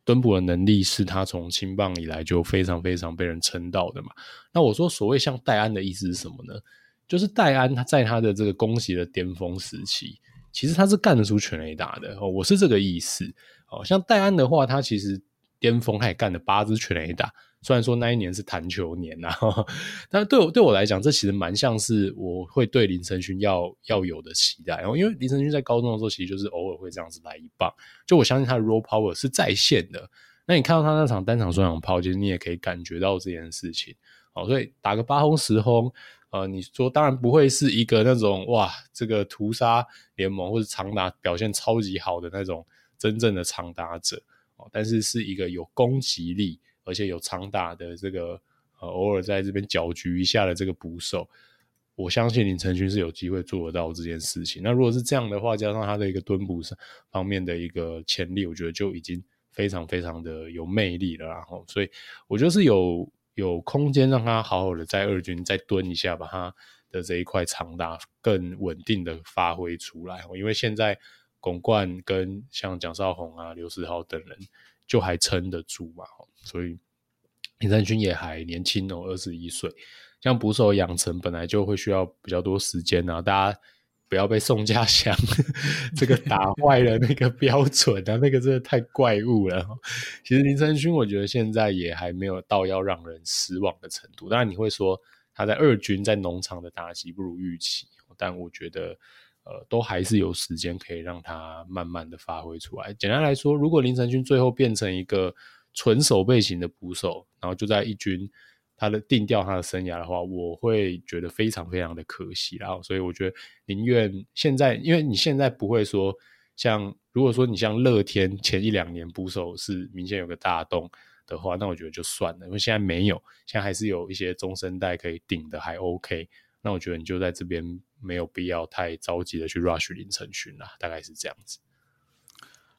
蹲捕的能力是他從青棒以來就非常非常被人稱道的嘛。那我說所謂像岱安的意思是什麼呢？就是岱安他在他的這個攻擊的巔峰時期，其實他是幹得出全壘打的哦。我是這個意思哦。像岱安的話，他其實巔峰他也幹了八支全壘打。雖然說那一年是彈球年吶、啊，但對我對我來講，這其實蠻像是我會對林辰勳要要有的期待。然後因為林辰勳在高中的時候，其實就是偶爾會這樣子來一棒。就我相信他的 raw power 是在線的。那你看到他那場單場雙響炮，嗯、其實你也可以感覺到這件事情。哦，所以打個八轟十轟，呃，你說當然不會是一個那種哇，這個屠殺聯盟或者長打表現超級好的那種真正的長打者。但是是一個有攻擊力而且有長打的這個，呃，偶爾在這邊攪局一下的這個捕手，我相信林辰勳是有機會做得到這件事情。那如果是這樣的話，加上他的一個蹲捕上方面的一個潛力，我覺得就已經非常非常的有魅力了。然後，所以我就是有有空間讓他好好的在二軍再蹲一下，把他的這一塊長打更穩定的發揮出來。因為現在鞏冠跟像蔣少宏啊、劉時豪等人就還撐得住嘛。所以林辰勳也還年輕哦，二十一歲，像捕手養成本來就會需要比較多時間啊。大家不要被宋家祥這個打壞了那個標準啊，那個真的太怪物了。其實林辰勳我覺得現在也還沒有到要讓人失望的程度。當然你會說他在二軍，在農場的打擊不如預期，哦，但我覺得呃，都還是有時間可以讓他慢慢的發揮出來。簡單來說，如果林辰勳最後變成一個。純守備型的捕手，然後就在一軍，他的定調他的生涯的話，我會覺得非常非常的可惜，然後所以我覺得寧願現在，因為你現在不會說像，如果說你像樂天前一兩年捕手是明顯有個大洞的話，那我覺得就算了，因為現在沒有，現在還是有一些中生代可以頂的，還 OK。那我覺得你就在這邊沒有必要太着急的去 rush 林辰勳了，大概是這樣子。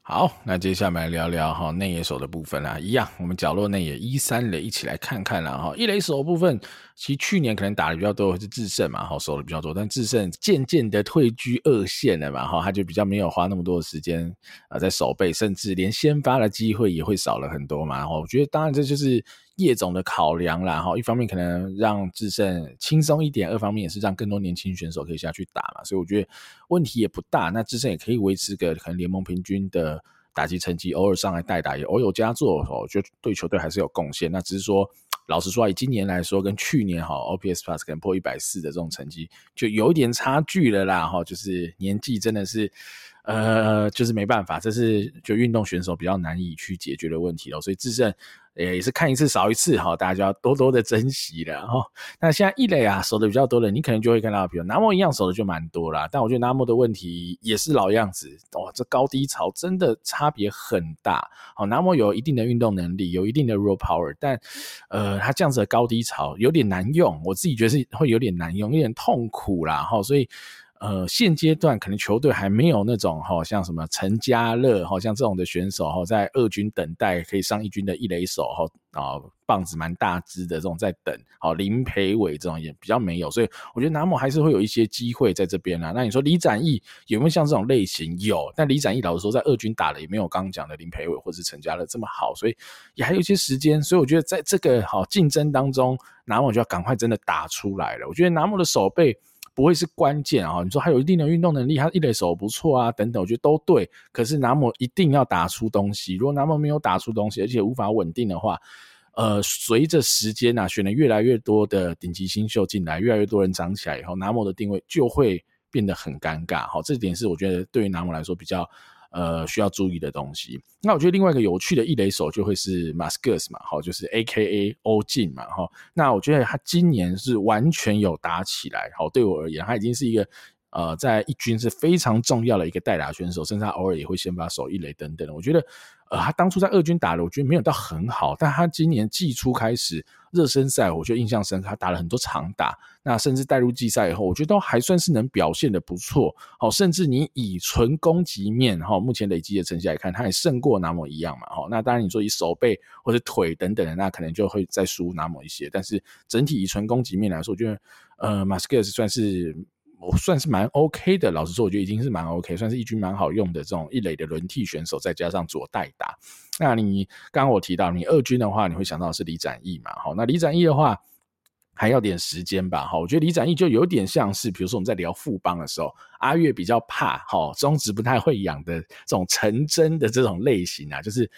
好，那接下來，來聊聊哈內野手的部分啦、啊。一樣，我們角落內野一三壘一起來看看啦哈。一壘手部分，其實去年可能打的比較多是智勝嘛，然後守的比較多，但智勝漸漸的退居二線了嘛，然後他就比較沒有花那麼多的時間啊在守備，甚至連先發的機會也會少了很多嘛。然後我覺得，當然這就是。葉總的考量，啦，一方面可能讓智勝輕鬆一點，二方面也是讓更多年輕選手可以下去打嘛，所以我覺得問題也不大。那智勝也可以維持個可能聯盟平均的打擊成績，偶爾上來代打，也偶有佳作哦，就對球隊還是有貢獻。那只是說，老實說，以今年來說，跟去年哈 OPS plus 可能破一百四的這種成績，就有一點差距了啦哈。就是年紀真的是，呃，就是沒辦法，這是就運動選手比較難以去解決的問題了。所以智勝。欸、也是看一次少一次哈，大家就要多多的珍惜了哈、哦。那現在一壘啊，守的比較多的人，你可能就會看到，比如拿莫一樣守的就蠻多了。但我覺得拿莫的問題也是老樣子哇、哦，這高低潮真的差別很大。好、哦，拿莫有一定的運動能力，有一定的 raw power，但呃，他這樣子的高低潮有點難用，我自己覺得是會有點難用，有點痛苦啦哈、哦，所以。呃，現階段可能球隊還沒有那種哈、哦，像什麼陳家樂哈、哦，像這種的選手哈、哦，在二軍等待可以上一軍的一壘手哈、哦，棒子蠻大隻的這種在等。好、哦，林培偉這種也比較沒有，所以我覺得南某還是會有一些機會在這邊啦、啊。那你說李展毅有沒有像這種類型？有，但李展毅老實說在二軍打的也沒有剛剛講的林培偉或者陳家樂這麼好，所以也還有一些時間。所以我覺得在這個哈競、哦、爭當中，南某就要趕快真的打出來了。我覺得南某的守備。不會是關鍵啊、哦！你說他有一定的運動能力，他一壘手不錯啊，等等，我覺得都對。可是拿莫一定要打出東西，如果拿莫沒有打出東西，而且無法穩定的話，呃，隨着時間啊，選了越來越多的頂級新秀進來，越來越多人長起來以後，拿莫的定位就會變得很尷尬。好、哦，這點是我覺得對於拿莫來說比較。呃，需要注意的東西。那我覺得另外一個有趣的一壘手就會是馬斯克斯嘛，好，就是 A K A O 進嘛，哈。那我覺得他今年是完全有打起來，好，對我而言，他已經是一個。呃，在一軍是非常重要的一個代打選手，甚至他偶爾也會先把手一壘等等。我覺得，呃，他當初在二軍打的，我覺得沒有到很好。但他今年季初開始熱身賽，我覺得印象深刻，他打了很多長打。那甚至帶入季賽以後，我覺得都還算是能表現得不錯。好，甚至你以純攻擊面哈，目前累積的成績來看，他也勝過拿莫一樣嘛。哈，那當然你說以守備或者腿等等的，那可能就會再輸拿莫一些。但是整體以純攻擊面來說，我覺得，呃，馬斯克斯算是。我算是蠻 OK 的，老實說，我覺得已經是蠻 OK，算是一軍蠻好用的這種一壘的輪替選手，再加上左代打。那你剛剛我提到你二軍的話，你會想到是李展翼嘛？好，那李展翼的話還要點時間吧？好，我覺得李展翼就有點像是，比如說我們在聊富邦的時候，阿月比較怕，好中職不太會養的這種成真的這種類型啊，就是。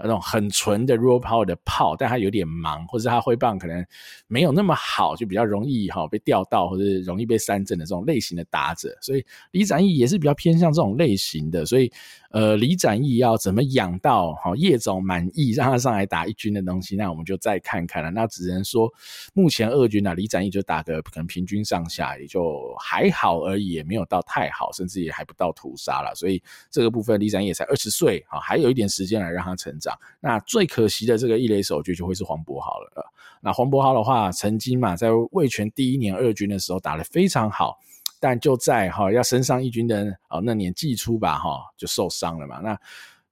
那種很純的 raw power 的炮，但他有點忙，或者他揮棒可能沒有那麼好，就比較容易哈被釣到，或者容易被三振的這種類型的打者，所以李展翼也是比較偏向這種類型的，所以。呃，李展翼要怎麼養到齁，葉總滿意，讓他上來打一軍的東西，那我們就再看看了。那只能說，目前二軍啊，李展翼就打個可能平均上下，也就還好而已，也沒有到太好，甚至也還不到屠殺了。所以這個部分，李展翼才二十歲啊，還有一點時間來讓他成長。那最可惜的這個一壘守軍就會是黃柏豪了。那黃柏豪的話，曾經嘛，在味全第一年二軍的時候打得非常好。但就在哈要升上一軍的哦那年季初吧，哈就受傷了嘛，那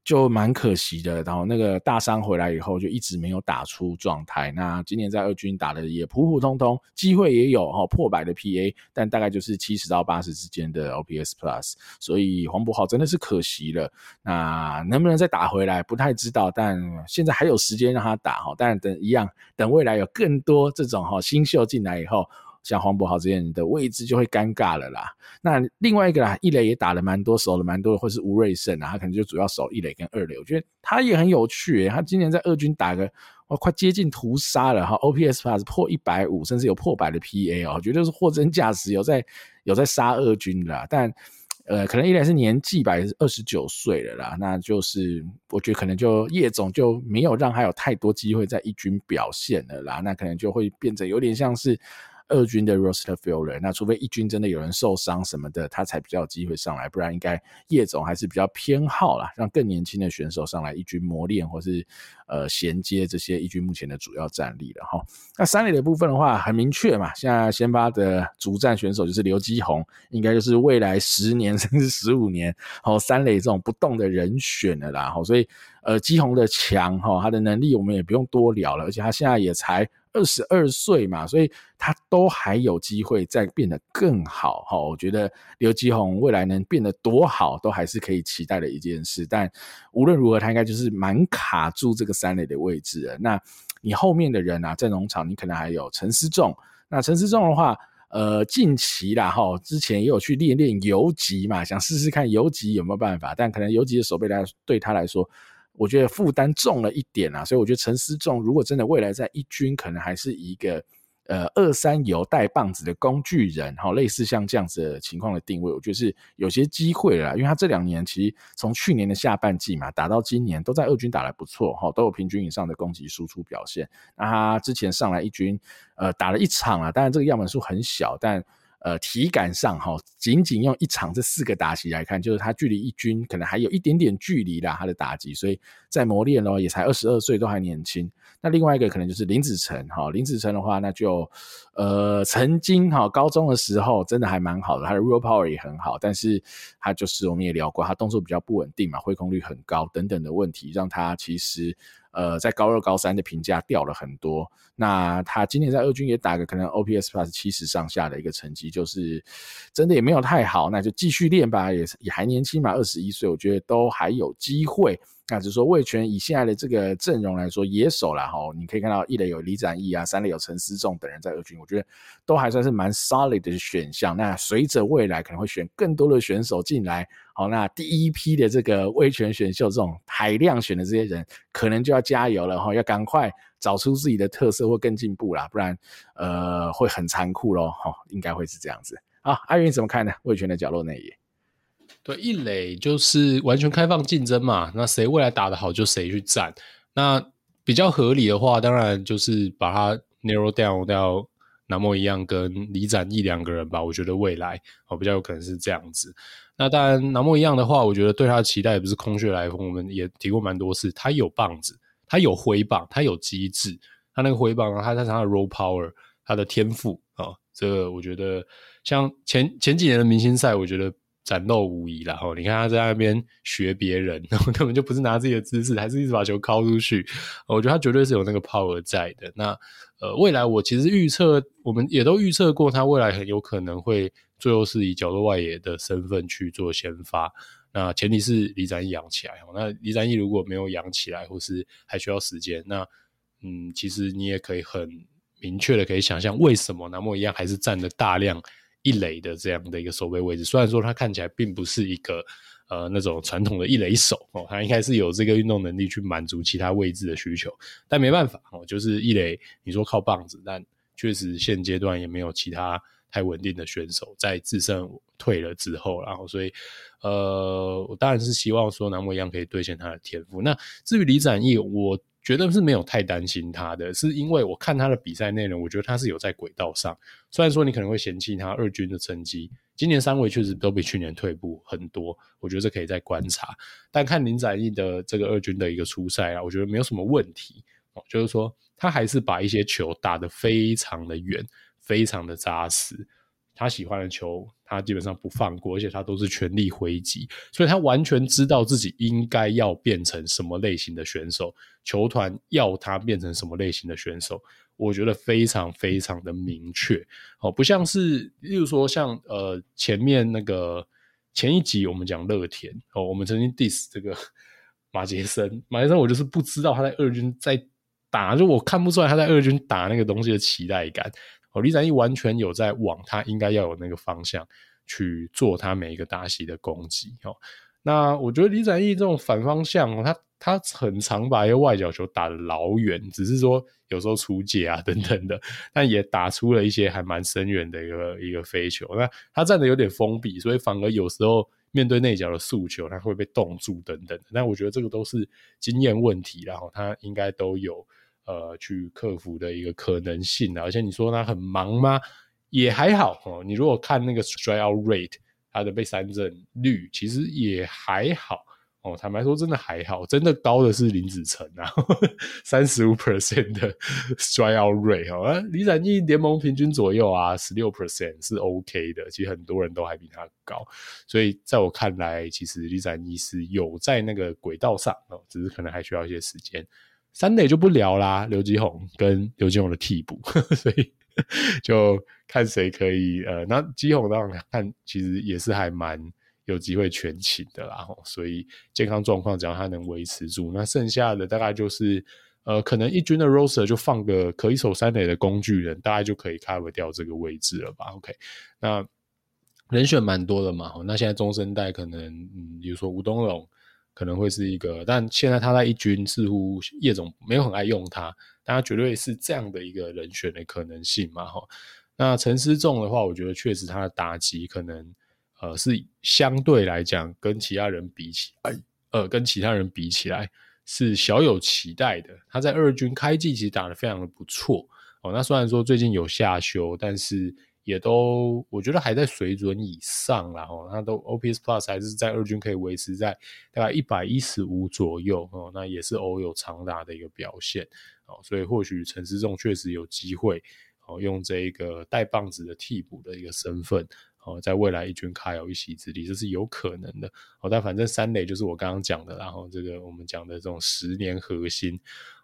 就蠻可惜的。然後那個大傷回來以後就一直沒有打出狀態。那今年在二軍打的也普普通通，機會也有哈破百的 PA，但大概就是七十到八十之間的 OPS plus。所以黃博浩真的是可惜了。那能不能再打回來不太知道，但現在還有時間讓他打哈。但等一樣，等未來有更多這種哈新秀進來以後。像黃柏豪這樣人的位置就會尷尬了啦。那另外一個啦，一壘也打了蠻多，守了蠻多，或是吳瑞盛啦。他可能就主要守一壘跟二壘。我覺得他也很有趣，欸，他今年在二軍打個，快接近屠殺了哈，OPS +是破一百五，甚至有破百的 PA 哦，我覺得就是貨真價實，有在有在殺二軍啦。但呃，可能一壘是年紀吧，是二十九歲了啦，那就是我覺得可能就葉總就沒有讓他有太多機會在一軍表現了啦，那可能就會變得有點像是。二軍的 roster filler，那除非一軍真的有人受傷什麼的，他才比較有機會上來，不然應該葉總還是比較偏好啦，讓更年輕的選手上來一軍磨練，或是呃銜接這些一軍目前的主要戰力的哈。那三壘的部分的話，很明確嘛，現在先發的主戰選手就是劉基鴻，應該就是未來十年甚至十五年，齁，三壘這種不動的人選了啦。好，所以呃基鴻的強哈，他的能力我們也不用多聊了，而且他現在也才。二十二歲嘛，所以他都還有機會再變得更好，我覺得劉基鴻未來能變得多好，都還是可以期待的一件事。但無論如何，他應該就是蠻卡住這個三壘的位置了。那你後面的人啊，在農場你可能還有陳思仲。那陳思仲的話，呃，近期啦哈，之前也有去練練游擊嘛，想試試看游擊有沒有辦法。但可能游擊的守備對他來說。我覺得負擔重了一點啊。所以我覺得陳思仲如果真的未來在一軍，可能還是一個呃二三游帶棒子的工具人，然後，類似像這樣子的情況的定位，我覺得是有些機會了啦。因為他這兩年其實從去年的下半季嘛打到今年，都在二軍打得不錯，哈，都有平均以上的攻擊輸出表現。那他之前上來一軍，呃，打了一場啊，當然這個樣本數很小，但。呃，體感上哈、哦，僅僅用一場這四個打擊來看，就是他距離一軍可能還有一點點距離啦，他的打擊，所以在磨練咯，也才二十二歲，都還年輕。那另外一個可能就是林子成、哦、林子成的話，那就呃曾經、哦、高中的時候真的還蠻好的，他的 real power 也很好，但是他就是我們也聊過，他動作比較不穩定嘛，揮空率很高等等的問題，讓他其實。呃，在高二、高三的評價掉了很多。那他今年在二軍也打個可能 OPS plus 七十上下的一個成績，就是真的也沒有太好。那就繼續練吧，也也還年輕嘛，二十一歲，我覺得都還有機會。那只是說味全以現在的這個陣容來說，野手啦哈，你可以看到一壘有李展毅啊，三壘有陳思仲等人在二軍，我覺得都還算是蠻 solid 的選項。那隨着未來可能會選更多的選手進來。好，那第一批的這個味全選秀這種海量選的這些人，可能就要加油了哈，要趕快找出自己的特色或更進步啦，不然，呃，會很殘酷咯，應該會是這樣子。啊，阿云怎麼看呢？味全的角落那一頁，對，一壘就是完全開放競爭嘛，那誰未來打得好就誰去站，那比較合理的話，當然就是把它 narrow down d 拿莫·伊漾跟李展翼兩個人吧，我覺得未來哦比較有可能是這樣子。那當然，拿莫·伊漾的話，我覺得對他的期待也不是空穴來風。我們也提過蠻多次，他有棒子，他有揮棒，他有機製，他那個揮棒啊，他在他，他的 raw power，他的天賦啊，這個，哦，我覺得像前前幾年的明星賽，我覺得。展露無遺了哈，你看他在那邊學別人，然後根本就不是拿自己的知識，還是一直把球拋出去。我覺得他絕對是有那個 power 在的。那呃，未來我其實預測，我們也都預測過，他未來很有可能會最後是以角落外野的身份去做先發。那前提是李展義養起來。那李展義如果沒有養起來，或是還需要時間，那嗯，其實你也可以很明確的可以想象，為什麼拿莫一樣還是占了大量一壘的這樣的一個守備位置，雖然說他看起來並不是一個呃那種傳統的一壘手哦，他應該是有這個運動能力去滿足其他位置的需求，但沒辦法哦，就是一壘，你說靠棒子，但確實現階段也沒有其他太穩定的選手在自身退了之後，然後所以呃，我當然是希望說南木一樣可以兌現他的天賦。那至於李展義，我。覺得是沒有太擔心他的是，因為我看他的比賽內容，我覺得他是有在軌道上。雖然說你可能會嫌棄他二軍的成績，今年三圍確實都比去年退步很多，我覺得這可以再觀察。嗯、但看林展翼的這個二軍的一個初賽，我覺得沒有什麼問題。就是說，他還是把一些球打得非常的遠，非常的扎實。他喜歡的球，他基本上不放過，而且他都是全力揮擊，所以他完全知道自己應該要變成什麼類型的選手，球團要他變成什麼類型的選手，我覺得非常非常的明確。哦，不像是，例如說像呃前面那個前一集我們講樂天，哦，我們曾經 diss 這個馬杰森，馬杰森我就是不知道他在二軍在打，就我看不出來他在二軍打那個東西的期待感。李展義完全有在往他應該要有那個方向，去做他每一個打席的攻擊哦。那我覺得李展義這種反方向他，他他很常把一個外角球打得老遠，只是說有時候出界啊等等的，但也打出了一些還蠻深遠的一個一個飛球。那他站得有點封閉，所以反而有時候面對內角的速球，他會被凍住等等。但我覺得這個都是經驗問題，哦，然後他應該都有，呃，去克服的一個可能性呢，啊，而且你說他很忙嗎？也還好，哦，你如果看那個 strikeout rate，他的被三振率其實也還好，哦，坦白說，真的還好，真的高的是林子成啊，三十五 percent 的 strikeout rate，李展義聯盟平均左右啊，十六 percent 是 OK 的。其實很多人都還比他高，所以在我看來，其實李展一是有在那個軌道上，哦，只是可能還需要一些時間。三壘就不聊啦，劉基鴻跟劉基鴻的替補，所以就看誰可以呃，那基鴻當然看，其實也是還蠻有機會全勤的啦，所以健康狀況只要他能維持住，那剩下的大概就是呃，可能一軍的 roster 就放個可以守三壘的工具人，大概就可以 cover 掉這個位置了吧？OK，那人選蠻多的嘛，那現在中生代可能嗯，比如說吳東龍。可能會是一個，但現在他在一軍似乎葉總沒有很愛用他，但他絕對是這樣的一個人選的可能性嘛。那陳思仲的話，我覺得確實他的打擊可能呃是相對來講跟其他人比起、哎、呃跟其他人比起來是小有期待的。他在二軍開季其實打得非常的不錯哦，那雖然說最近有下修，但是。也都我覺得還在水準以上啦。哦，那都 OPS Plus 還是在二軍可以維持在大概一百一十五左右哦，那也是偶有長打的一個表現哦，所以或許陳思仲確實有機會哦，用這個帶棒子的替補的一個身份哦，在未來一軍開有一席之地，這是有可能的哦。但反正三壘就是我剛剛講的啦，然、哦、後這個我們講的這種十年核心，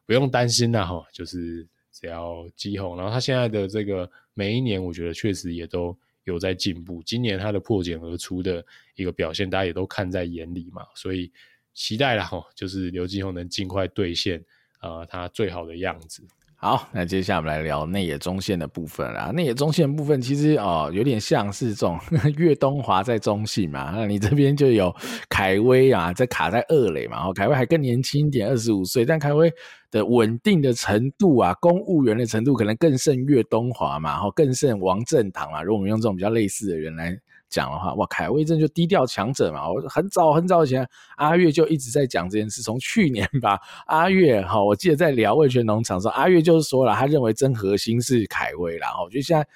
不用擔心啦。哈、哦，就是只要基鴻，然後他現在的這個。每一年，我覺得確實也都有在進步。今年他的破繭而出的一個表現，大家也都看在眼裡嘛，所以期待啦，就是劉基鴻能儘快兌現啊，呃，他最好的樣子。好，那接下來我們來聊內野中線的部分啦。內野中線的部分其實哦，有點像是這種岳東華在中信嘛，那你這邊就有凱威啊在卡在二壘嘛。然後凱威還更年輕一點，二十五歲，但凱威的穩定的程度啊，公務員的程度可能更勝岳東華嘛，然後更勝王正棠嘛。如果我們用這種比較類似的人來。講的話，哇，凱威真就低調強者嘛。我很早很早以前，阿月就一直在講這件事，從去年吧。阿月，哈、哦，我記得在聊味全農場的時候，阿月就是說了，他認為真核心是凱威啦。哈、哦，我覺得現在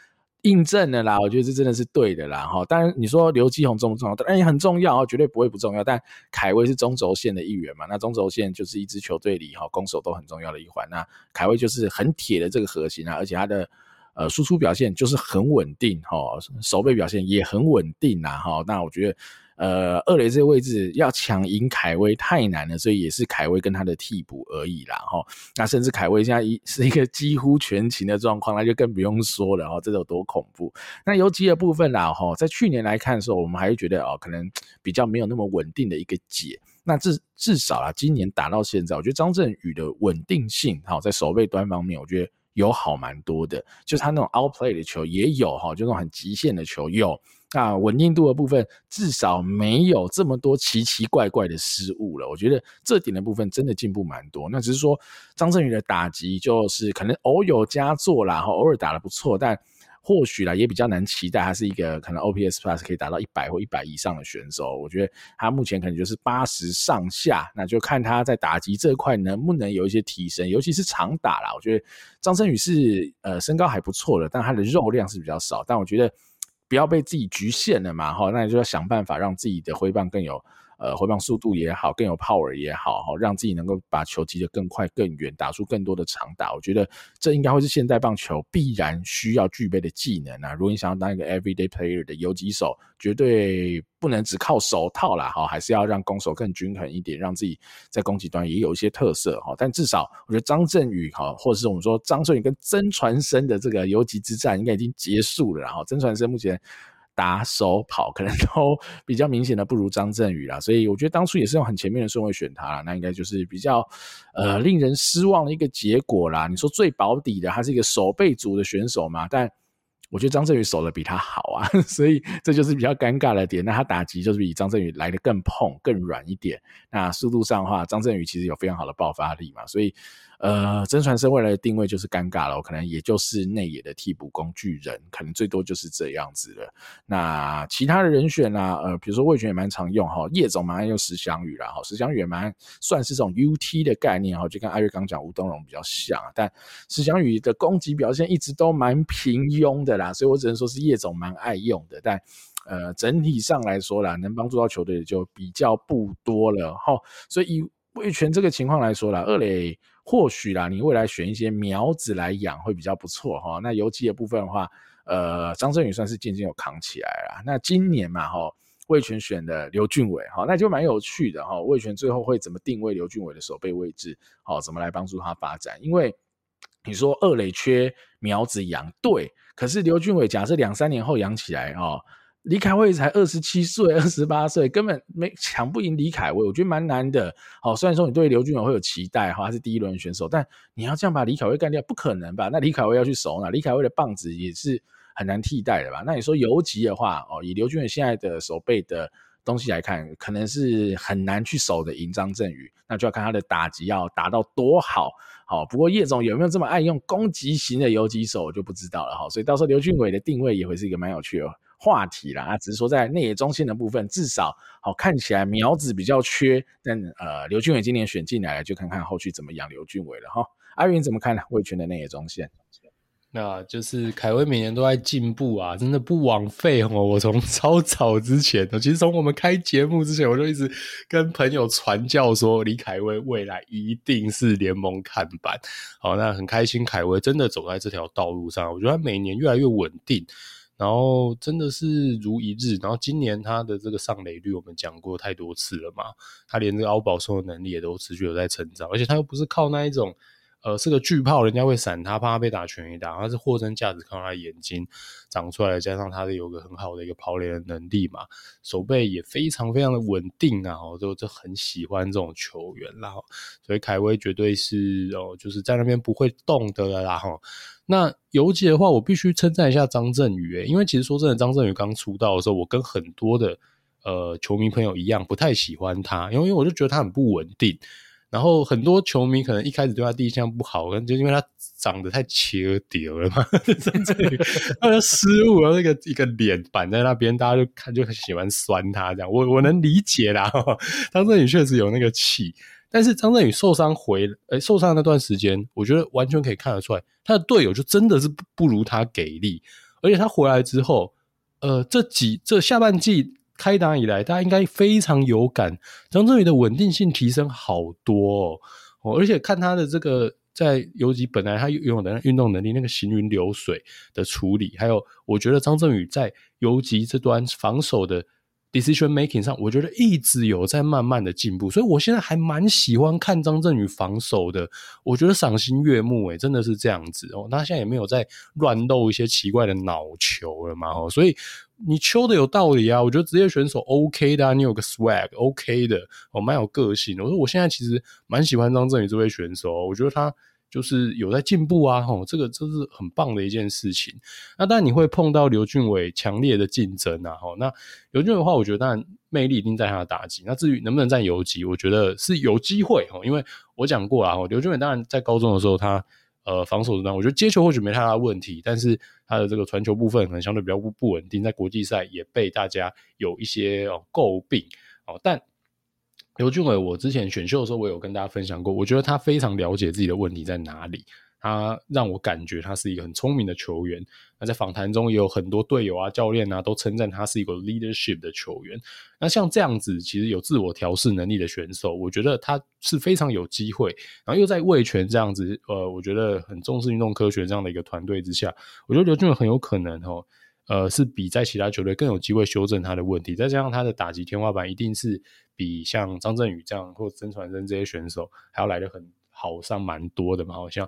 印證了啦，我覺得這真的是對的啦。哈、哦，當然你說劉基鴻重不重要、啊，當然也很重要啊，絕對不會不重要。但凱威是中軸線的一員嘛。那中軸線就是一支球隊裡哈、哦、攻守都很重要的一環。那凱威就是很鐵的這個核心啊，而且他的。呃，輸出表現就是很穩定吼，守備表現也很穩定啦吼、哦，那我覺得，呃，二壘這個位置要搶贏凱威太難了，所以也是凱威跟他的替補而已啦吼、哦，那甚至凱威現在一是一個幾乎全勤的狀況，那就更不用說了吼、哦，這個有多恐怖。那游擊的部分啦吼、哦，在去年來看的時候，我們還是覺得哦，可能比較沒有那麼穩定的一個解。那至至少啊，今年打到現在，我覺得張政禹的穩定性哈、哦，在守備端方面，我覺得。有好蠻多的，就是他那種 outplay 的球也有哈，就那種很極限的球有。那、啊、穩定度的部分，至少沒有這麼多奇奇怪怪的失誤了。我覺得這點的部分真的進步蠻多。那只是說張政禹的打擊，就是可能偶有佳作啦，哈，偶爾打得不錯，但。或許啦，也比較難期待，他是一個可能 OPS Plus 可以達到一百或一百以上的選手。我覺得他目前可能就是八十上下，那就看他在打擊這一塊能不能有一些提升，尤其是長打啦，我覺得張政禹是呃身高還不錯的，但他的肉量是比較少。但我覺得不要被自己局限了嘛，齁，那就要想辦法讓自己的揮棒更有。呃，揮棒速度也好，更有 power 也好，哈，讓自己能夠把球擊得更快、更遠，打出更多的長打。我覺得這應該會是現代棒球必然需要具備的技能啊！如果你想要當一個 everyday player 的游擊手，絕對不能只靠手套啦，哈，還是要讓攻守更均衡一點，讓自己在攻擊端也有一些特色，哈。但至少，我覺得張振宇，哈，或者是我們說張振宇跟曾傳昇的這個游擊之戰，應該已經結束了，然後曾傳昇目前，打手跑可能都比較明顯的不如張振宇啦，所以我覺得當初也是用很前面的順位選他啦，那應該就是比較呃令人失望的一個結果啦。你說最保底的他是一個守備組的選手嘛，但我覺得張振宇守得比他好啊，所以這就是比較尷尬的點。那他打擊就是比張振宇來得更碰更軟一點，那速度上的話，張振宇其實有非常好的爆發力嘛，所以。呃，曾傳生未來的定位就是尷尬了，我可能也就是內野的替補工具人，可能最多就是這樣子了。那其他的人選呢、啊？呃，比如說魏權也蠻常用哈，葉、喔、總蠻愛用石翔宇啦，哈、喔，石翔宇也蠻算是這種 UT 的概念哈、喔，就跟阿月剛講吳東融比較像，但石翔宇的攻擊表現一直都蠻平庸的啦，所以我只能說是葉總蠻愛用的，但呃，整體上來說啦，能幫助到球隊就比較不多了哈、喔。所以以魏權這個情況來說啦，二壘。或許啦，你未來選一些苗子來養會比較不錯哈。那游擊的部分的話，呃，張政禹算是漸漸有扛起來了。那今年嘛哈，味全選的劉俊偉哈，那就蠻有趣的哈。味全最後會怎麼定位劉俊偉的守備位置？好，怎麼來幫助他發展？因為你說二壘缺苗子養對，可是劉俊偉假設兩三年後養起來哈。李凱威才二十七歲、二十八歲，根本沒搶不贏李凱威，我覺得蠻難的。哦。雖然說你對劉俊偉會有期待，哈、哦，他是第一輪選手，但你要這樣把李凱威幹掉，不可能吧？那李凱威要去守哪？李凱威的棒子也是很難替代的吧？那你說游擊的話，哦，以劉俊偉現在的手背的東西來看，可能是很難去守的。贏張政禹，那就要看他的打擊要打到多好。好、哦，不過葉總有沒有這麼愛用攻擊型的游擊手，我就不知道了。哈、哦，所以到時候劉俊偉的定位也會是一個蠻有趣的、哦。話題啦，只是說在內野中線的部分，至少好，看起來苗子比較缺，但呃，劉俊偉今年選進來了，就看看後續怎麼養劉俊偉了哈。阿雲怎麼看呢？味全的內野中線，那就是凱威每年都在進步啊，真的不枉費。我從超早之前，其實從我們開節目之前，我就一直跟朋友傳教說，李凱威未來一定是聯盟看板。好，那很開心，凱威真的走在這條道路上，我覺得他每年越來越穩定。然後真的是如一日，然後今年它的這個上壘率，我們講過太多次了嘛，它連這個凹保送的能力也都持續有在成長，而且它又不是靠那一種。呃，是個巨炮，人家會閃他，怕他被打全壘打。他是貨真價實，看到他的眼睛長出來，加上他有個很好的一個跑壘的能力嘛，守備也非常非常的穩定啊，都、哦、就，就很喜歡這種球員，然後、哦、所以凱威絕對是哦，就是在那邊不會動的啦，然後、哦、那游擊的話，我必須稱讚一下張振宇、欸，因為其實說真的，張振宇剛出道的時候，我跟很多的呃球迷朋友一樣，不太喜歡他，因為我就覺得他很不穩定。然後很多球迷可能一開始對他第一印象不好，可能就因為他長得太切底了嘛。張政禹， 他就失誤，那個 一個臉板在那邊，大家就看就很喜歡酸他這樣。我我能理解啦， 張政禹確實有那個氣。但是張政禹受傷回來，受傷那段時間，我覺得完全可以看得出來，他的隊友就真的是不如他給力。而且他回來之後，呃，這幾這下半季。開打以來，大家應該非常有感，張振宇的穩定性提升好多哦，哦，而且看他的這個在游擊，本來他擁有的運動能力，那個行雲流水的處理，還有我覺得張振宇在游擊這端防守的 decision making 上，我覺得一直有在慢慢的進步，所以我現在還蠻喜歡看張振宇防守的，我覺得賞心悅目哎，真的是這樣子哦，他現在也沒有在亂鬥一些奇怪的腦球了嘛，哦，所以。你秋的有道理啊，我覺得職業選手 OK 的、啊，你有個 swag OK 的，哦，蠻有個性的。我說我現在其實蠻喜歡張振宇這位選手，我覺得他就是有在進步啊，吼、哦，這個這是很棒的一件事情。那當然你會碰到劉俊偉強烈的競爭啊，吼、哦，那劉俊偉的話，我覺得當然魅力一定在他的打擊。那至於能不能在游擊，我覺得是有機會哦，因為我講過了，劉俊偉當然在高中的時候他。呃，防守端，我覺得接球或許沒太大、大問題，但是他的這個傳球部分可能相對比較不不穩定，在國際賽也被大家有一些哦、詬病哦。但劉俊偉，我之前選秀的時候，我也有跟大家分享過，我覺得他非常了解自己的問題在哪裡。他讓我感覺他是一個很聰明的球員。那在訪談中也有很多隊友啊、教練啊都稱讚他是一個 leadership 的球員。那像這樣子，其實有自我調試能力的選手，我覺得他是非常有機會。然後又在味全這樣子，呃，我覺得很重視運動科學這樣的一個團隊之下，我覺得劉俊很有可能哦，呃，是比在其他球隊更有機會修正他的問題。再加上他的打擊天花板一定是比像張振宇這樣或曾傳生這些選手還要來得很好上蠻多的嘛，好像。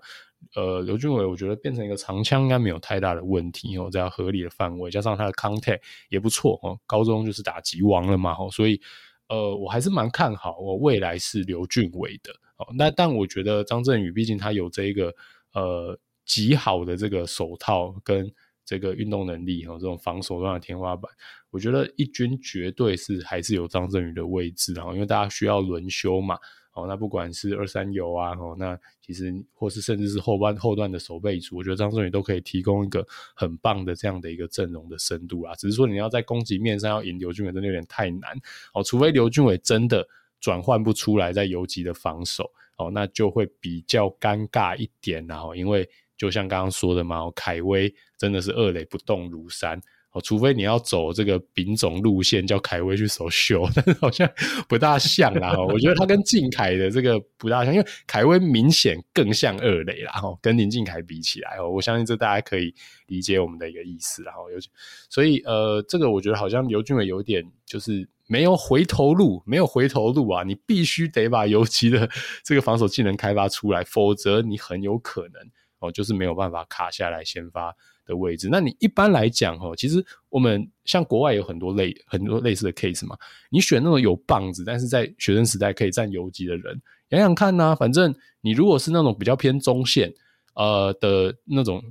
呃，劉俊偉，我覺得變成一個長槍應該沒有太大的問題、哦、這在合理的範圍，加上他的 contact 也不錯、哦、高中就是打擊王了嘛、哦、所以呃，我還是蠻看好我、哦、未來是劉俊偉的、哦、那但我覺得張振宇，畢竟他有這一個呃極好的這個手套跟這個運動能力和、哦、這種防守端的天花板，我覺得一軍絕對是還是有張振宇的位置，然後因為大家需要輪休嘛。哦，那不管是二三游啊，哦，那其實或是甚至是後半後段的守備組，我覺得張振宇都可以提供一個很棒的這樣的一個陣容的深度啊。只是說你要在攻擊面上要贏劉俊偉，真的有點太難哦。除非劉俊偉真的轉換不出來在游擊的防守，哦，那就會比較尷尬一點。然後，因為就像剛剛說的嘛，凱威真的是二壘不動如山。除非你要走這個丙種路線，叫凱威去守秀，但是好像不大像啦，我覺得他跟靖凱的這個不大像，因為凱威明顯更像二壘啦，跟林靖凱比起來，哦，我相信這大家可以理解我們的一個意思啦，然後尤其所以呃，這個我覺得好像劉俊偉有點就是沒有回頭路，沒有回頭路啊，你必須得把游擊的這個防守技能開發出來，否則你很有可能。哦，就是沒有辦法卡下來先發的位置。那你一般來講哦，其實我們像國外有很多類很多類似的 case 嘛。你選那種有棒子，但是在學生時代可以站游擊的人，想想看吶啊。反正你如果是那種比較偏中線呃的那種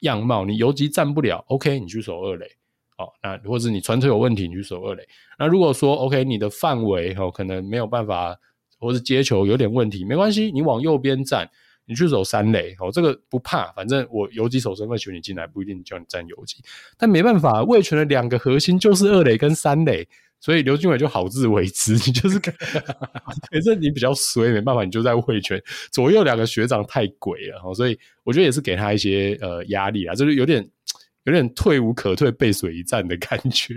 樣貌，你游擊站不了，OK，你去守二壘。哦，那或者你傳球有問題，你去守二壘。那如果說 OK，你的範圍哦可能沒有辦法，或者接球有點問題，沒關係，你往右邊站。你去守三壘哦，這個不怕，反正我游擊手身份請你進來，不一定叫你站游擊，但沒辦法，味全的兩個核心就是二壘跟三壘，所以劉俊偉就好自為之，你就是，反正、 欸，你比較衰，沒辦法，你就在味全左右兩個學長太鬼了，哦，所以我覺得也是給他一些呃壓力啊，這就是有點有點退無可退，背水一戰的感覺，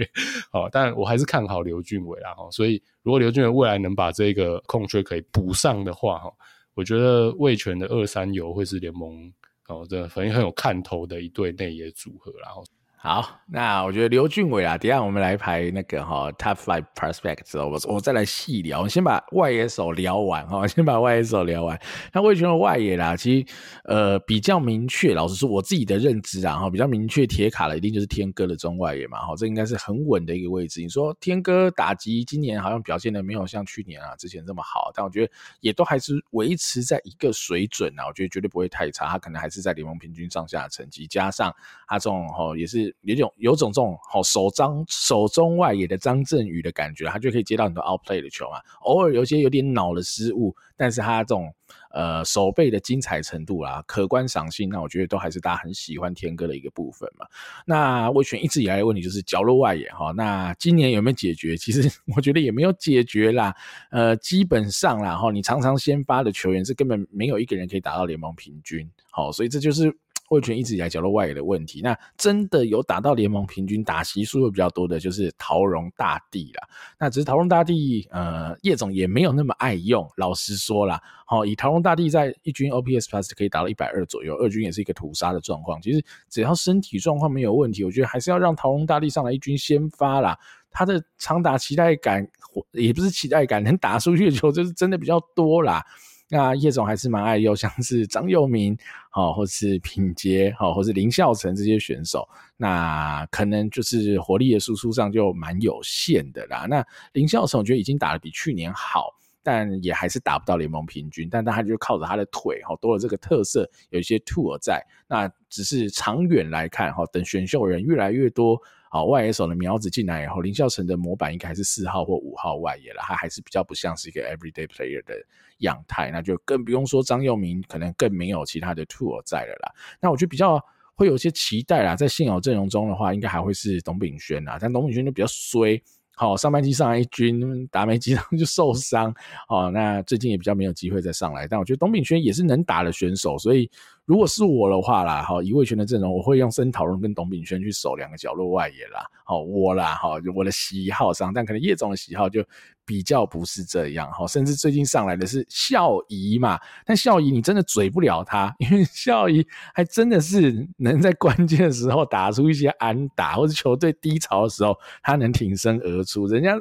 哦，但我還是看好劉俊偉啦，哦，所以如果劉俊偉未來能把這個空缺可以補上的話，哦我覺得味全的二三游會是聯盟，哦，真的，反正很有看頭的一對內野組合，然後。好，那我覺得劉俊偉啊，等下我們來排那個哈、哦、Top Five Prospects 我我再來細聊。我先把外野手聊完哈、哦，先把外野手聊完。那味全的外野啦，其實呃比較明確，老實說，我自己的認知啊哈，比較明確鐵卡的一定就是天哥的中外野嘛，哈、哦，這應該是很穩的一個位置。你說天哥打擊今年好像表現的沒有像去年啊之前這麼好，但我覺得也都還是維持在一個水準啊，我覺得絕對不會太差，他可能還是在聯盟平均上下的成績，加上他這種哈、哦、也是。有種有種這種好手張守中外野的張振宇的感覺，他就可以接到很多 out play 的球啊。偶爾有些有點腦的失誤，但是他這種呃手背的精彩程度啦，可觀賞性，那我覺得都還是大家很喜歡天哥的一個部分嘛。那味全一直以來的問題就是角落外野哈，那今年有沒有解決？其實我覺得也沒有解決啦。呃，基本上啦哈，你常常先發的球員是根本沒有一個人可以達到聯盟平均，好，所以這就是。味全一直以來角落外野的問題，那真的有打到聯盟平均打席數會比較多的，就是陶榮大帝啦。那只是陶榮大帝，呃，葉總也沒有那麼愛用，老實說啦好，以陶榮大帝在一軍 OPS Plus 可以達到一百二左右，二軍也是一個屠殺的狀況。其實只要身體狀況沒有問題，我覺得還是要讓陶榮大帝上來一軍先發啦。他的長打期待感，也不是期待感，能打出去的球就是真的比較多啦。那葉總還是蠻愛，又像是張祐銘，好，或是品捷，好，或是林孝程這些選手，那可能就是活力的輸出上就蠻有限的啦。那林孝程我覺得已經打得比去年好，但也還是達不到聯盟平均，但他就靠着他的腿，好，多了這個特色，有一些兔耳在，那只是長遠來看，哈，等選秀人越來越多。好，外野手的苗子進來以後，林孝成的模板應該還是四號或五號外野了，他還是比較不像是一個 everyday player 的樣態，那就更不用說張佑銘，可能更沒有其他的 tool 在了啦。那我覺得比較會有一些期待啦，在現有陣容中的話，應該還會是董炳軒吶，但董炳軒就比較衰，好、哦，上半季上來一軍，打沒幾場就受傷，好、哦，那最近也比較沒有機會再上來，但我覺得董炳軒也是能打的選手，所以。如果是我的話啦，好，一味全的陣容，我會用申討論跟董秉軒去守兩個角落外野啦。好，我啦，好，我的喜好上，但可能葉總的喜好就比較不是這樣。好，甚至最近上來的是孝儀嘛，但孝儀你真的嘴不了他，因為孝儀還真的是能在關鍵時候打出一些安打，或是球隊低潮的時候，他能挺身而出，人家。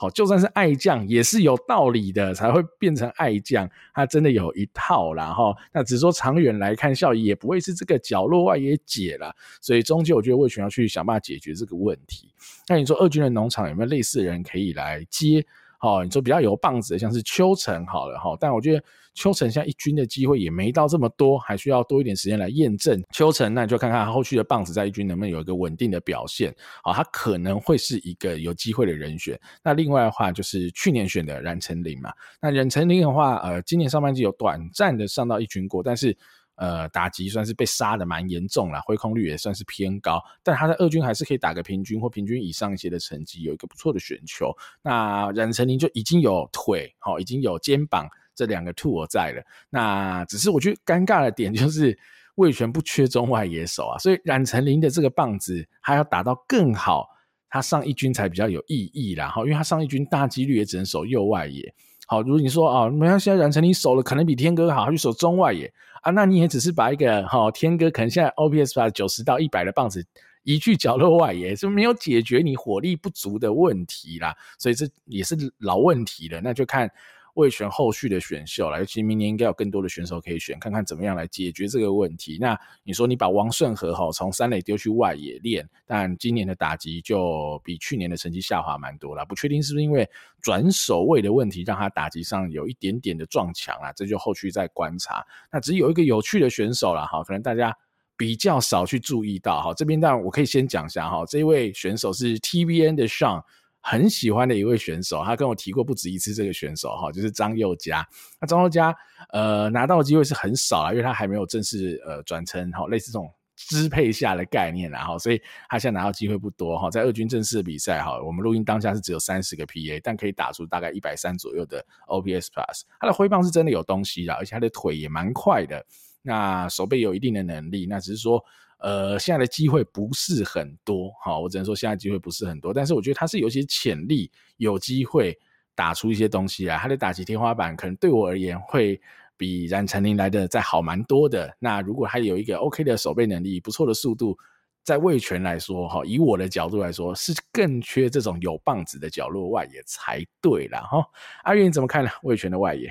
好，就算是愛將也是有道理的，才會變成愛將，他真的有一套啦哈。那只是說長遠來看，效益也不會是這個角落外野解了，所以中間我覺得味全要去想辦法解決這個問題。那你說二軍的農場有沒有類似的人可以來接？哈，你說比較有棒子的，像是秋成好了哈，但我覺得。秋成現在一軍的機會也沒到這麼多，還需要多一點時間來驗證秋成。那你就看看他後續的棒子在一軍能不能有一個穩定的表現，哦。他可能會是一個有機會的人選。那另外的話，就是去年選的冉成林嘛。那冉成林的話，呃，今年上半季有短暫的上到一軍過，但是呃，打擊算是被殺的蠻嚴重了，揮空率也算是偏高。但他在二軍還是可以打個平均或平均以上一些的成績，有一個不錯的選球。那冉成林就已經有腿，哦，已經有肩膀。這兩個兔我在了，那只是我覺得尷尬的點就是味全不缺中外野手啊，所以冉成林的這個棒子還要打到更好，他上一軍才比較有意義啦。哦、因為他上一軍大幾率也只能守右外野。好，如果你說啊，沒、哦、關係，現在冉成林守了，可能比天哥好，去守中外野啊，那你也只是把一個好、哦、天哥可能現在 OPS 把九十到一百的棒子移去角落外野，是沒有解決你火力不足的問題啦。所以這也是老問題了，那就看。未選後續的選秀了，其實明年應該有更多的選手可以選，看看怎麼樣來解決這個問題。那你說你把王順和哈從三壘丟去外野練，但今年的打擊就比去年的成績下滑蠻多了，不確定是不是因為轉守位的問題讓他打擊上有一點點的撞牆了，這就後續再觀察。那只有一個有趣的選手了哈，可能大家比較少去注意到哈，這邊當然我可以先講一下哈，這一位選手是 TVN 的上。很喜歡的一位選手，他跟我提過不止一次。這個選手哈，就是張宥嘉。那張宥嘉呃，拿到的機會是很少啊，因為他還沒有正式呃轉成哈類似這種支配下的概念啦哈，所以他現在拿到機會不多哈。在二軍正式的比賽哈，我們錄音當下是只有三十個 P A，但可以打出大概一百三左右的 O P S plus。他的揮棒是真的有東西的，而且他的腿也蠻快的，那手臂也有一定的能力。那只是說。呃，現在的機會不是很多，哈，我只能說現在機會不是很多，但是我覺得他是有些潛力，有機會打出一些東西啊，他的打擊天花板可能對我而言會比冉成林來的再好蠻多的。那如果他有一個 OK 的守備能力，不錯的速度，在味全來說，哈，以我的角度來說，是更缺這種有棒子的角落外野才對了哈。阿月你怎麼看呢？味全的外野？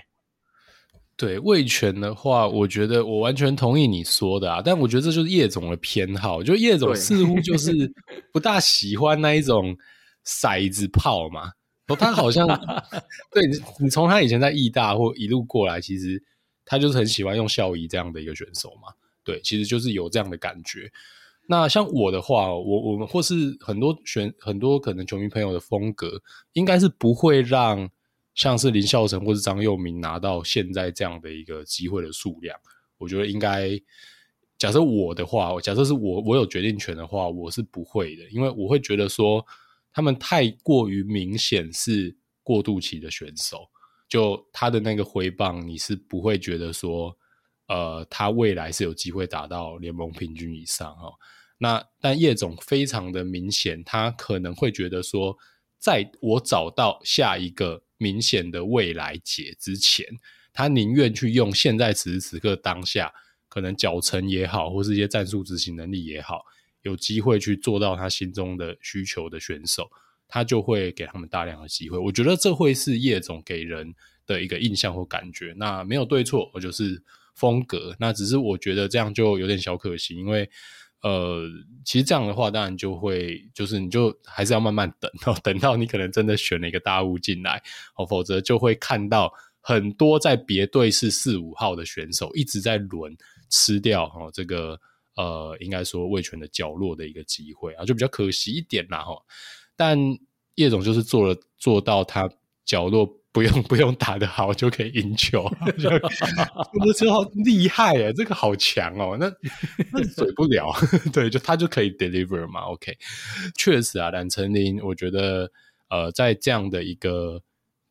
對味全的話，我覺得我完全同意你說的啊，但我覺得這就是葉總的偏好，就葉總似乎就是不大喜歡那一種骰子炮嘛，哦，他好像 對你，你從他以前在義大或一路過來，其實他就是很喜歡用校醫這樣的一個選手嘛，對，其實就是有這樣的感覺。那像我的話，哦，我我們或是很多選很多可能球迷朋友的風格，應該是不會讓。像是林孝成或是張佑民拿到現在這樣的一個機會的數量，我覺得應該，假設我的話，假設是我我有決定權的話，我是不會的，因為我會覺得說他們太過於明顯是過渡期的選手，就他的那個回報你是不會覺得說，呃，他未來是有機會達到聯盟平均以上哈、哦。那但葉總非常的明顯，他可能會覺得說。在我找到下一個明顯的未來解之前，他寧願去用現在此時此刻當下可能腳程也好，或是一些戰術執行能力也好，有機會去做到他心中的需求的選手，他就會給他們大量的機會。我覺得這會是葉總給人的一個印象或感覺。那沒有對錯，我就是風格。那只是我覺得這樣就有點小可惜，因為。呃，其實這樣的話，當然就會就是你就還是要慢慢等，哦，等到你可能真的選了一個大物進來哦，否則就會看到很多在別隊是四五號的選手一直在輪吃掉哦，這個呃，應該說味全的角落的一個機會啊，就比較可惜一點啦哈，哦。但葉總就是做了做到他。角落不用不用打得好就可以贏球， 我的天，好厲害哎，欸，這個好強哦，喔，那那追不了， 對，就他就可以 deliver 嘛。OK，確實啊，藍成林，我覺得呃，在這樣的一個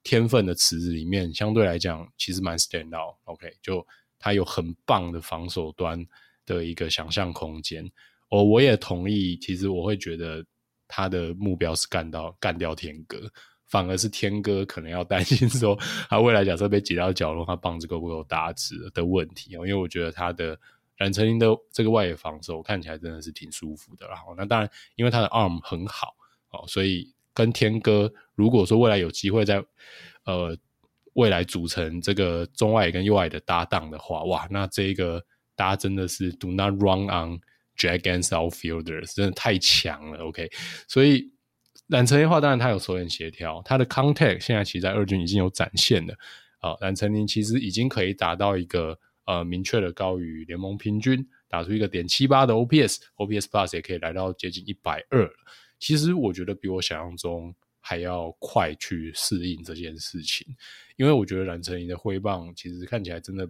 天分的池子裡面，相對來講其實蠻 stand out okay。OK，就他有很棒的防守端的一個想象空間。我，哦，我也同意，其實我會覺得他的目標是幹到幹掉天哥。反而是天哥可能要擔心說，他未來假設被擠到角落，他棒子夠不夠大支的問題哦。因為我覺得他的冉成林的這個外野防守看起來真的是挺舒服的。然後，那當然因為他的 arm 很好哦，所以跟天哥如果說未來有機會在呃未來組成這個中外跟右外的搭檔的話，哇，那這個大家真的是 do not run on Dragons outfielders，真的太強了。OK，所以。藍成的話，當然他有手眼協調，他的 contact 現在其實，在二軍已經有展現了。啊，藍成林其實已經可以達到一個呃明確的高於聯盟平均，打出一個點七八的 OPS，OPS Plus 也可以來到接近一百二，其實我覺得比我想象中還要快去適應這件事情，因為我覺得藍成林的揮棒其實看起來真的。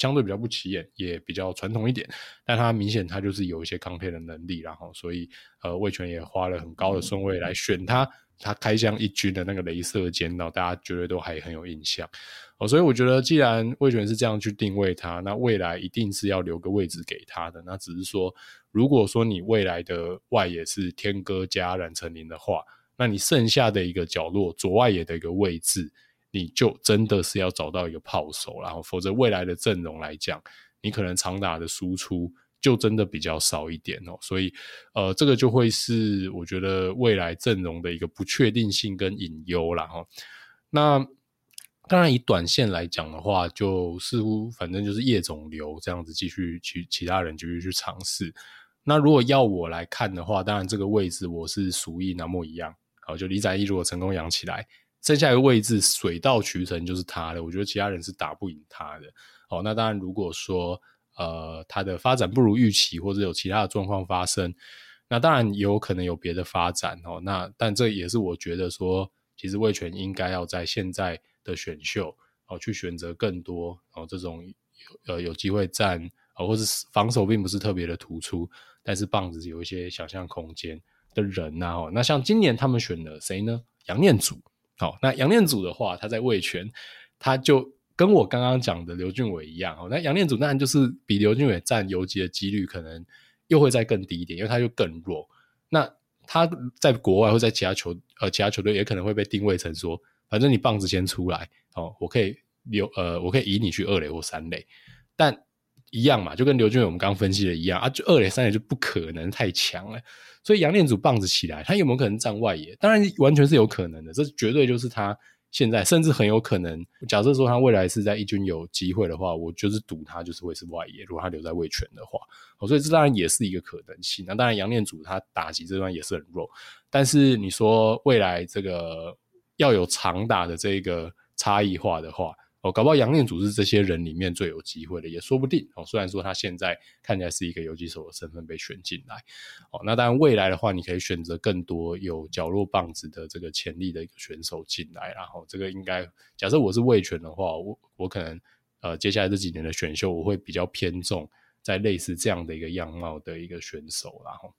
相對比較不起眼，也比較傳統一點，但它明顯它就是有一些扛砲的能力，然後所以呃味全也花了很高的順位來選他，他開箱一軍的那個雷射尖刀大家絕對都還很有印象、哦、所以我覺得既然味全是這樣去定位他，那未來一定是要留個位置給他的。那只是說，如果說你未來的外野是天哥加冉成林的話，那你剩下的一個角落左外野的一個位置。你就真的是要找到一個炮手然後否則未來的陣容來講，你可能長打的輸出就真的比較少一點，哦，所以，呃，這個就會是我覺得未來陣容的一個不確定性跟隱憂然後哈、哦。那當然，以短線來講的話，就似乎反正就是葉總留這樣子繼續其,其他人繼續去嘗試。那如果要我來看的話，當然這個位置我是屬意那麼一樣，好就李仔一如果成功養起來。剩下一個位置，水到渠成就是他的。我覺得其他人是打不贏他的。哦，那當然，如果說呃，他的發展不如預期，或者有其他的狀況發生，那當然也有可能有別的發展哦。那但這也是我覺得說，其實味全應該要在現在的選秀哦，去選擇更多哦這種有呃有機會站、哦、或者防守並不是特別的突出，但是棒子有一些想象空間的人啊，哦，那像今年他們選了誰呢？楊念祖。好、哦，那楊念祖的話，他在味全，他就跟我剛剛講的劉俊偉一樣。哦，那楊念祖當然就是比劉俊偉佔游擊的幾率可能又會再更低一點，因為他就更弱。那他在國外或在其他球呃其他球隊也可能會被定位成說，反正你棒子先出來哦，我可以留呃，我可以移你去二壘或三壘，但。一樣嘛，就跟劉俊偉我們剛分析的一樣啊，就二壘、三壘就不可能太強了，所以楊念祖棒子起來，他有沒有可能站外野？當然，完全是有可能的。這絕對就是他現在，甚至很有可能。假設說他未來是在一軍有機會的話，我就是賭他就是會是外野。如果他留在味全的話，所以這當然也是一個可能性。那當然，楊念祖他打擊這段也是很弱，但是你說未來這個要有長打的這個差異化的話。哦，搞不好楊念祖是這些人裡面最有機會的，也說不定。哦，雖然說他現在看起來是一個游擊手的身份被選進來，哦，那當然未來的話，你可以選擇更多有角落棒子的這個潛力的一個選手進來。然後，哦，這個應該假設我是味全的話，我我可能呃，接下來這幾年的選秀，我會比較偏重在類似這樣的一個樣貌的一個選手。然後，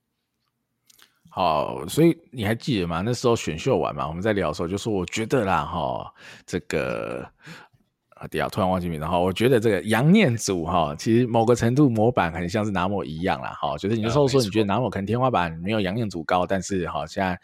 好，哦，所以你還記得嗎？那時候選秀完嘛，我們在聊的時候就說，我覺得啦，哈，嗯，哦，這個。啊對啊，突然忘記名字哈，我覺得這個楊念祖哈、哦，其實某個程度模板很像是拿莫一樣啦，哈、哦，覺得就是你有時候說你覺得拿莫可能天花板沒有楊念祖高，沒錯。但是哈、哦、現在，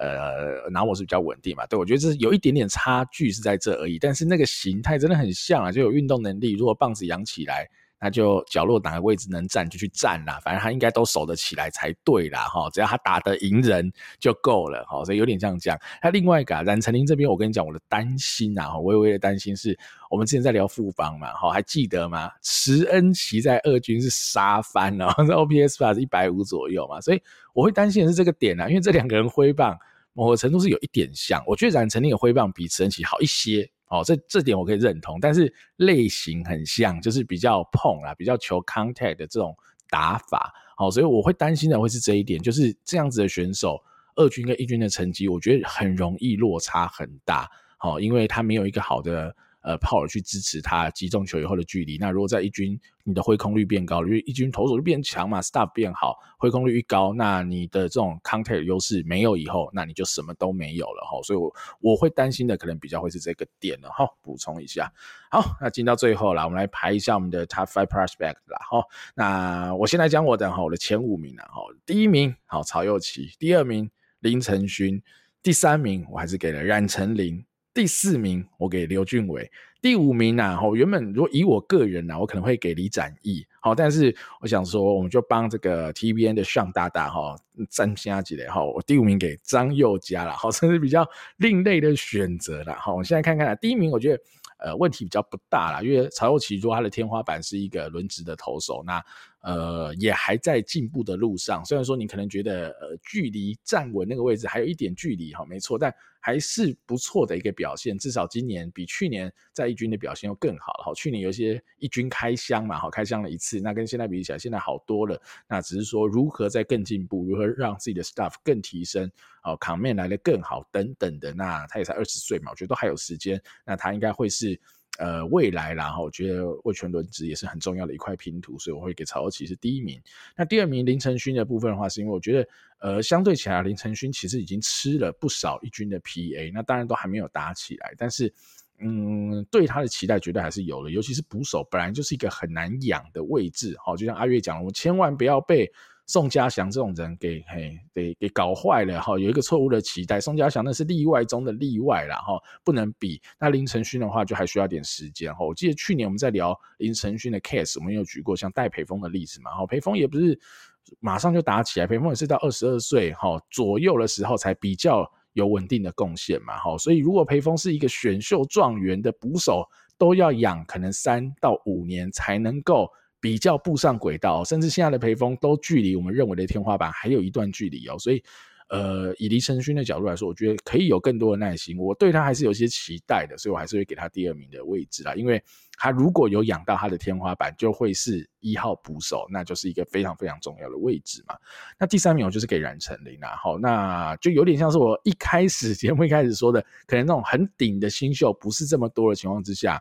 呃，拿莫是比較穩定嘛，對，我覺得是有一點點差距是在這而已，但是那個形態真的很像啊，就有運動能力，如果棒子揚起來。那就角落哪個位置能站就去站啦，反正他應該都守得起來才對啦哈，只要他打得贏人就夠了，好，所以有點像這樣講。那另外一個冉、啊、成林這邊，我跟你講我的擔心啊，我微微的擔心是我們之前在聊富邦嘛，好，還記得嗎？池恩齊在二軍是殺翻哦，那 OPS +是一百五左右嘛，所以我會擔心的是這個點啊，因為這兩個人揮棒某個程度是有一點像，我覺得冉成林的揮棒比池恩齊好一些。哦，這這點我可以認同，但是類型很像，就是比較碰啦，比較求 contact 的這種打法。好、哦，所以我會擔心的會是這一點，就是這樣子的選手，二軍跟一軍的成績，我覺得很容易落差很大。好、哦，因為他沒有一個好的。呃，power 去支持他擊中球以後的距離。那如果在一軍，你的揮空率變高，因為一軍投手就變強嘛，stuff 變好，揮空率越高，那你的這種 contact 優勢沒有以後，那你就什麼都沒有了哈。所以我，我我會擔心的可能比較會是這個點了哈。補充一下，好，那進到最後了，我們來排一下我們的 top five prospect 啦哈。那我先來講我的哈，我的前五名啦。哈。第一名，好，曹祐齊；第二名，林辰勳；第三名，我還是給了冉成林。第四名我給劉俊偉，第五名呢？哈，原本如果以我個人呢、啊，我可能會給李展義，但是我想說，我們就幫這個 TVN 的向大大哈占家啊幾類第五名給張佑嘉了，好，算是比較另類的選擇了，好，我現在看看、啊，第一名我覺得呃問題比較不大了，因為曹又奇說他的天花板是一個輪值的投手那。呃，也還在進步的路上。雖然說你可能覺得，呃，距離站穩那個位置還有一點距離哈、哦，沒錯，但還是不錯的一個表現。至少今年比去年在一軍的表現又更好了。哦、去年有些一軍開箱嘛，好、哦、開箱了一次，那跟現在比起來，現在好多了。那只是說如何再更進步，如何讓自己的 stuff 更提升，哦，command 來得更好等等的。那他也才二十歲嘛，我覺得都還有時間。那他應該會是。呃，未來啦，然後我覺得味全輪值，也是很重要的一塊拼圖，所以我會給曹鶴琪是第一名。那第二名林辰勳的部分的話，是因為我覺得，呃，相對起來，林辰勳其實已經吃了不少一軍的 PA，那當然都還沒有打起來，但是，嗯，對他的期待絕對還是有的，尤其是捕手本來就是一個很難養的位置，好、哦，就像阿月講的，我們千萬不要被。宋嘉翔這種人給嘿，給給搞壞了哈，有一個錯誤的期待。宋嘉翔那是例外中的例外了哈，不能比。那林辰勳的話就還需要點時間哈。我記得去年我們在聊林辰勳的 case，我們有舉過像戴培峰的例子嘛？好，培峰也不是馬上就打起來，培峰也是到二十二歲哈左右的時候才比較有穩定的貢獻嘛。好，所以如果培峰是一個選秀狀元的捕手，都要養可能三到五年才能夠。比較步上軌道，甚至現在的培峰都距離我們認為的天花板還有一段距離哦，所以，呃，以林辰勳的角度來說，我覺得可以有更多的耐心，我對他還是有些期待的，所以我還是會給他第二名的位置，因為他如果有養到他的天花板，就會是一號捕手，那就是一個非常非常重要的位置嘛。那第三名我就是給冉成林然、啊、好，那就有點像是我一開始節目一開始說的，可能那種很頂的新秀不是這麼多的情況之下。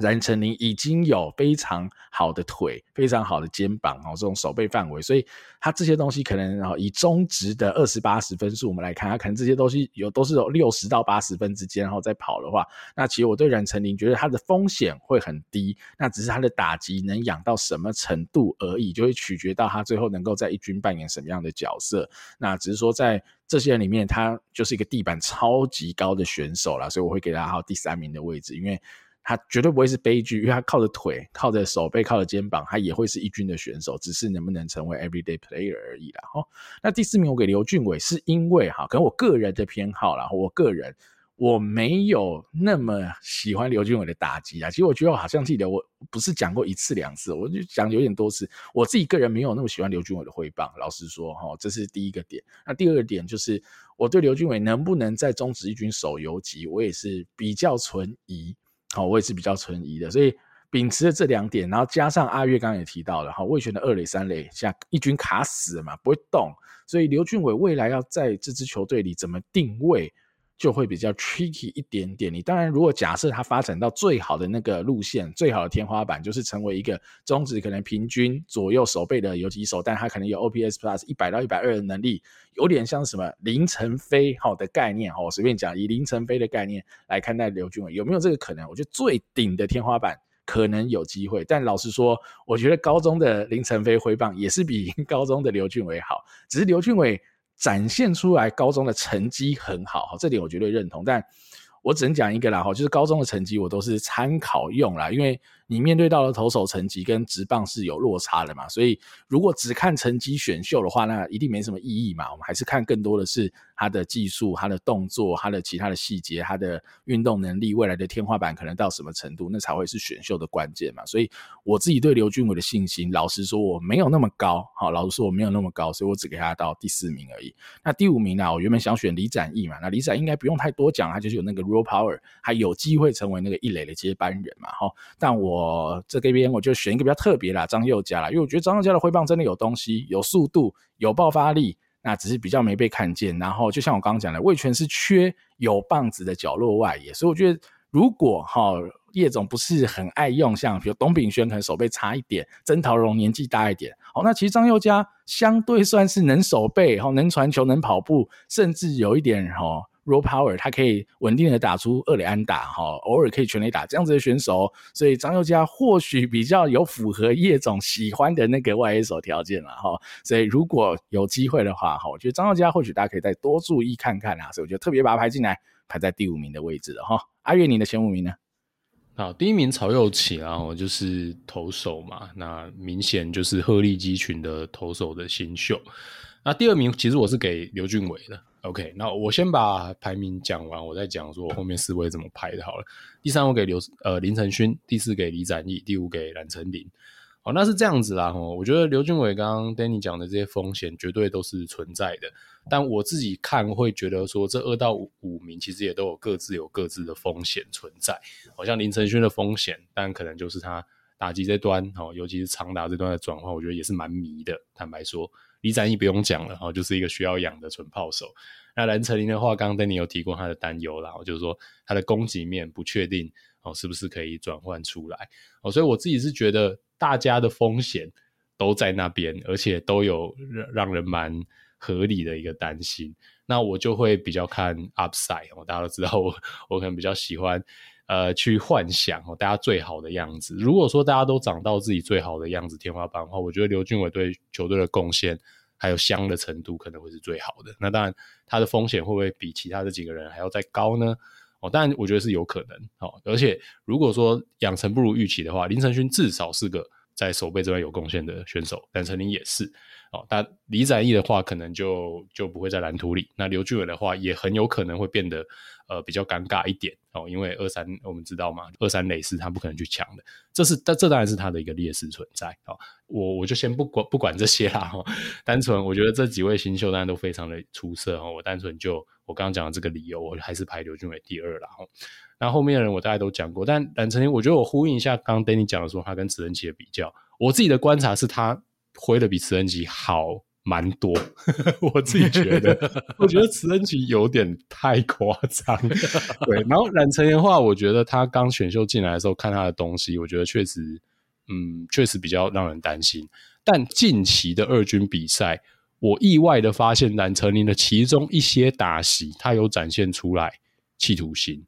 冉成林已經有非常好的腿，非常好的肩膀這種守備範圍，所以他這些東西可能以中值的二十八十分數我們來看，他可能這些東西有都是有六十到八十分之間，然後再跑的話，那其實我對冉成林覺得他的風險會很低，那只是他的打擊能養到什麼程度而已，就會取決到他最後能夠在一軍扮演什麼樣的角色。那只是說在這些人裡面，他就是一個地板超級高的選手了，所以我會給他號第三名的位置，因為。他絕對不會是悲劇，因為他靠着腿、靠着手背、靠着肩膀，他也會是一軍的選手，只是能不能成為 everyday player 而已啦。哦，那第四名我給劉俊偉，是因為哈，可能我個人的偏好啦，我個人我沒有那麼喜歡劉俊偉的打擊啊。其實我覺得，我好像記得我不是講過一次兩次，我就講有點多次。我自己個人沒有那麼喜歡劉俊偉的揮棒，老實說，哈，這是第一個點。那第二個點就是，我對劉俊偉能不能在中職一軍守游擊，我也是比較存疑。好，我也是比較存疑的，所以秉持了這兩點，然後加上阿月剛也提到的，哈，味全的二壘三壘下一軍卡死嘛，不會動，所以劉俊偉未來要在這支球隊裡怎麼定位？就會比較 tricky 一點點。你當然，如果假設他發展到最好的那個路線，最好的天花板就是成為一個中職可能平均左右手背的游擊手，但他可能有 OPS plus 一百到一百二的能力，有點像什麼林承飛好的概念。我隨便講，以林承飛的概念來看待劉俊偉，有沒有這個可能？我覺得最頂的天花板可能有機會，但老實說，我覺得高中的林承飛揮棒也是比高中的劉俊偉好，只是劉俊偉。展現出來高中的成績很好，這點我絕對認同。但我只能講一個啦，就是高中的成績我都是參考用啦，因為。你面對到的投手成績跟職棒是有落差的嘛，所以如果只看成績選秀的話，那一定沒什麼意義嘛。我們還是看更多的是他的技術、他的動作、他的其他的細節、他的運動能力、未來的天花板可能到什麼程度，那才會是選秀的關鍵嘛。所以我自己對劉俊偉的信心，老實說我沒有那麼高，好，老實說我沒有那麼高，所以我只給他到第四名而已。那第五名呢？我原本想選李展藝嘛，那李展應該不用太多講，他就是有那個 raw power，還有機會成為那個一壘的接班人嘛，哈，但我。我這個邊我就選一個比較特別啦，張佑嘉啦，因為我覺得張佑嘉的揮棒真的有東西，有速度，有爆發力，那只是比較沒被看見。然後就像我剛剛講的，味全是缺有棒子的角落外野。所以我覺得如果哈葉總不是很愛用，像比如董秉軒，可能守備差一點，曾陶鎔年紀大一點，好，那其實張佑嘉相對算是能守備好，能傳球，能跑步，甚至有一點好，Raw Power，他可以穩定的打出二壘安打，哈，偶爾可以全壘打這樣子的選手，所以張佑嘉或許比較有符合葉總喜歡的那個外野手條件了哈，所以如果有機會的話，哈，我覺得張佑嘉或許大家可以再多注意看看啊。所以我覺得特別把他排進來，排在第五名的位置了，哈。阿月，你的前五名呢？好，第一名曹祐齊啊，我就是投手嘛，那明顯就是鶴立雞群的投手的新秀，那第二名其實我是給劉俊偉的。OK，那我先把排名講完，我再講說我後面四位怎麼排的好了。第三我給劉呃，林辰勳，第四給李展義，第五給冉成林。哦，那是這樣子啦。哦，我覺得劉俊偉剛剛 Danny 講的這些風險絕對都是存在的，但我自己看會覺得說，這二到五名其實也都有各自有各自的風險存在。好像林辰勳的風險，但可能就是他打擊這端哦，尤其是長打這端的轉換，我覺得也是蠻迷的。坦白說。李展義不用講了，就是一個需要養的純炮手。那藍成林的話，剛剛丹尼有提過他的擔憂了，就是說他的攻擊面不確定，是不是可以轉換出來？所以我自己是覺得大家的風險都在那邊，而且都有讓人蠻合理的一個擔心。那我就會比較看 upside，大家都知道我，我我可能比較喜歡。呃，去幻想哦，大家最好的樣子。如果說大家都長到自己最好的樣子天花板的話，我覺得劉俊偉對球隊的貢獻還有香的程度可能會是最好的。那當然，他的風險會不會比其他這幾個人還要再高呢？哦，當然，我覺得是有可能哦。而且，如果說養成不如預期的話，林辰勳至少是個。在守備之外有貢獻的選手，但曾經也是、哦、但李展義的話，可能就就不會在藍圖裡。那劉俊偉的話，也很有可能會變得呃比較尷尬一點、哦、因為二三我們知道嘛，二三壘是他不可能去搶的，這是但這當然是他的一個劣勢存在、哦、我我就先不管不管這些啦，哦、單純我覺得這幾位新秀當然都非常的出色、哦、我單純就我剛剛講的這個理由，我還是排劉俊偉第二了那後，後面的人我大概都講過，但冉成林，我覺得我呼應一下，剛剛 Denny 講的時候，他跟慈恩齊的比較，我自己的觀察是他揮的比慈恩齊好蠻多， 我自己覺得， 我覺得慈恩齊有點太誇張，對。然後冉成林的話，我覺得他剛選秀進來的時候看他的東西，我覺得確實，嗯，確實比較讓人擔心。但近期的二軍比賽，我意外的發現冉成林的其中一些打席，他有展現出來企圖心。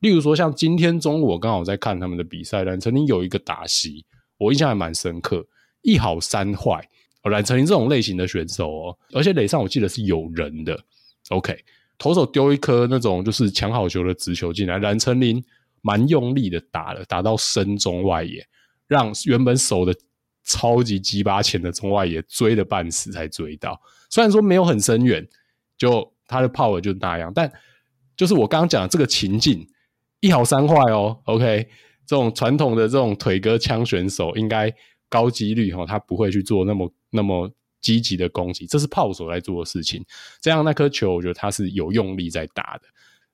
例如說，像今天中午我剛好在看他們的比賽，藍成林有一個打席，我印象還蠻深刻，一好三壞。哦、藍成林這種類型的選手哦，而且壘上我記得是有人的。OK，投手丟一顆那種就是搶好球的直球進來，藍成林蠻用力的打了，打到深中外野，讓原本守的超級雞巴淺的中外野追了半死才追到。雖然說沒有很深遠，就他的炮位就那樣，但就是我剛剛講的這個情境。一好三壞哦，OK，這種傳統的這種腿哥槍選手，應該高幾率哈、哦，他不會去做那麼那麼積極的攻擊，這是炮手在做的事情。這樣那顆球，我覺得他是有用力在打的，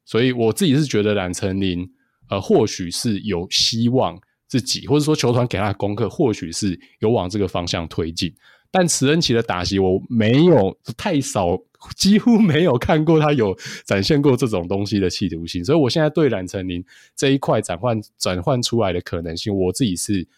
所以我自己是覺得藍成林，呃，或許是有希望自己，或者說球團給他的功課，或許是有往這個方向推進。但慈恩奇的打擊，我沒有太少，幾乎沒有看過他有展現過這種東西的企圖心，所以我現在對冉成林這一塊轉換轉換出來的可能性，我自己是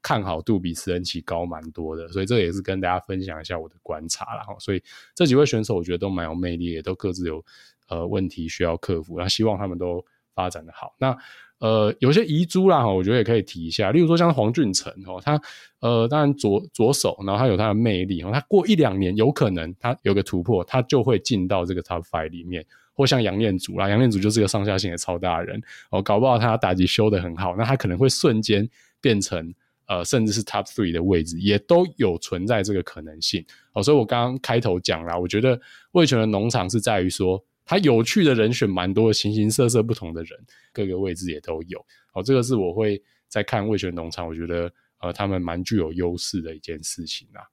看好度比慈恩奇高蠻多的，所以這也是跟大家分享一下我的觀察了。所以這幾位選手，我覺得都蠻有魅力，也都各自有呃問題需要克服，然後希望他們都發展得好。那呃，有些遺珠啦，我覺得也可以提一下。例如說，像黃俊成哦，他呃，當然左左手，然後他有他的魅力哦，他過一兩年有可能他有個突破，他就會進到這個 top five 裡面。或像楊念祖啦，啊，楊念祖就是個上下限也超大人，哦，搞不好他打擊修得很好，那他可能會瞬間變成呃，甚至是 top three 的位置，也都有存在這個可能性。哦，所以我剛剛開頭講啦，我覺得味全的農場是在於說。他有趣的人選蠻多，形形色色不同的人，各個位置也都有。好，哦，這個是我會在看味全農場，我覺得呃，他們蠻具有優勢的一件事情啊。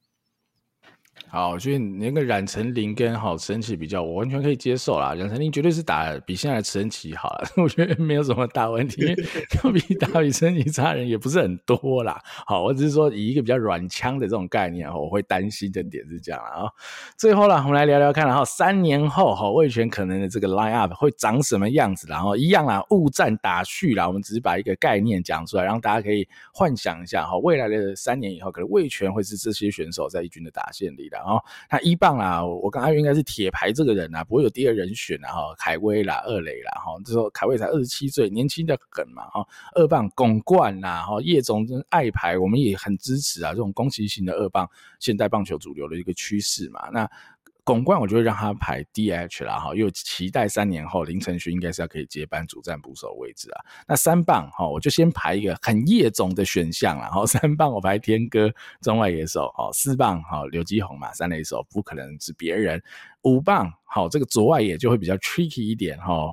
好，我覺得你那個冉成林跟好陳奇比較，我完全可以接受啦。冉成林絕對是打比現在陳奇好了，我覺得沒有什麼大問題，要比 打比陳奇差人也不是很多啦。好，我只是說以一個比較軟槍的這種概念，我會擔心的點是這樣啦。啊。最後啦，我們來聊聊看，然後三年後哈味全可能的這個 line up 會長什麼樣子啦，然後一樣啦，誤戰打序啦，我們只是把一個概念講出來，讓大家可以幻想一下哈未來的三年以後，可能味全會是這些選手在一軍的打線裡的。然、哦、那一棒啦、啊，我剛剛應該是鐵牌這個人吶、啊，不會有第二人選啦、啊、哈，凱威啦，二壘啦哈，這時候凱威才二十七歲，年輕的很嘛哈、哦，二棒鞏冠啦哈，葉、哦、總真愛牌，我們也很支持啊，這種攻擊型的二棒，現代棒球主流的一個趨勢嘛，那。鞏冠，我就會讓他排 DH 啦，哈，又期待三年後林辰勳應該是要可以接班主戰捕手位置啊。那三棒，哈，我就先排一個很葉總的選項，然後三棒我排天哥中外野手，哈，四棒哈，劉基鴻嘛，三壘手不可能是別人。五棒，好，這個左外野就會比較 tricky 一點，哈。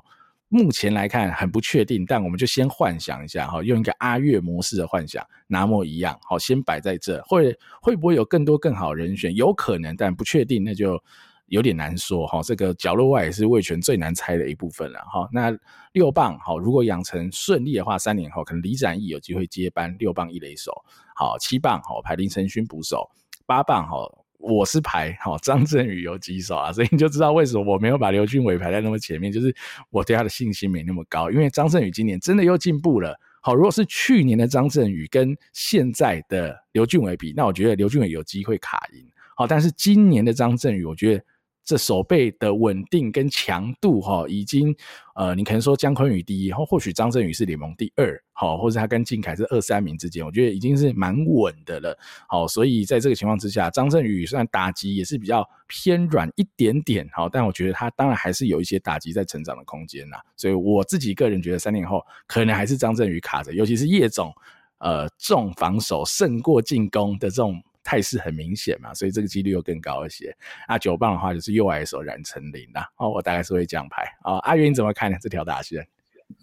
目前來看很不確定，但我們就先幻想一下哈，用一個阿月模式的幻想，拿模一樣好，先擺在這，會會不會有更多更好的人選？有可能，但不確定，那就有點難說哈。這個角落外也是味全最難猜的一部分了哈。那六棒哈，如果養成順利的話，三年後可能李展毅有機會接班六棒一壘手。好，七棒好，排林辰勳捕手，八棒好。我是排好張振宇有幾手啊，所以你就知道為什麼我沒有把劉俊偉排在那麼前面，就是我對他的信心沒那麼高。因為張振宇今年真的又進步了，好，如果是去年的張振宇跟現在的劉俊偉比，那我覺得劉俊偉有機會卡贏。好，但是今年的張振宇，我覺得。這守備的穩定跟強度，哈，已經，呃，你可能說江坤宇第一，或許張政禹是聯盟第二，好，或者他跟靖凱是二三名之間，我覺得已經是蠻穩的了，好、哦，所以在這個情況之下，張政禹雖然打擊也是比較偏軟一點點，好，但我覺得他當然還是有一些打擊在成長的空間吶、啊，所以我自己個人覺得，三年後可能還是張政禹卡着，尤其是葉總，呃，重防守勝過進攻的這種。態勢很明顯嘛，所以這個幾率又更高一些。啊，九棒的話就是右外手染成林了、啊、哦，我大概是會這樣排、哦、啊。阿雲，你怎麼看呢？這條大線？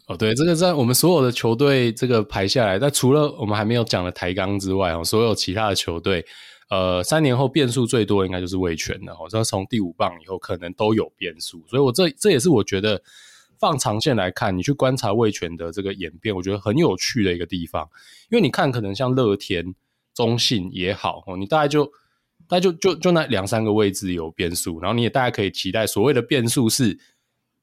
哦，對，這個在我們所有的球隊這個排下來，但除了我們還沒有講的台鋼之外哦，所有其他的球隊，呃，三年後變數最多應該就是味全了哦。要從第五棒以後可能都有變數，所以我這這也是我覺得放長線來看，你去觀察味全的這個演變，我覺得很有趣的一個地方，因為你看，可能像樂天。中信也好，你大概就，大概就就就那兩三個位置有變數，然後你也大概可以期待，所謂的變數是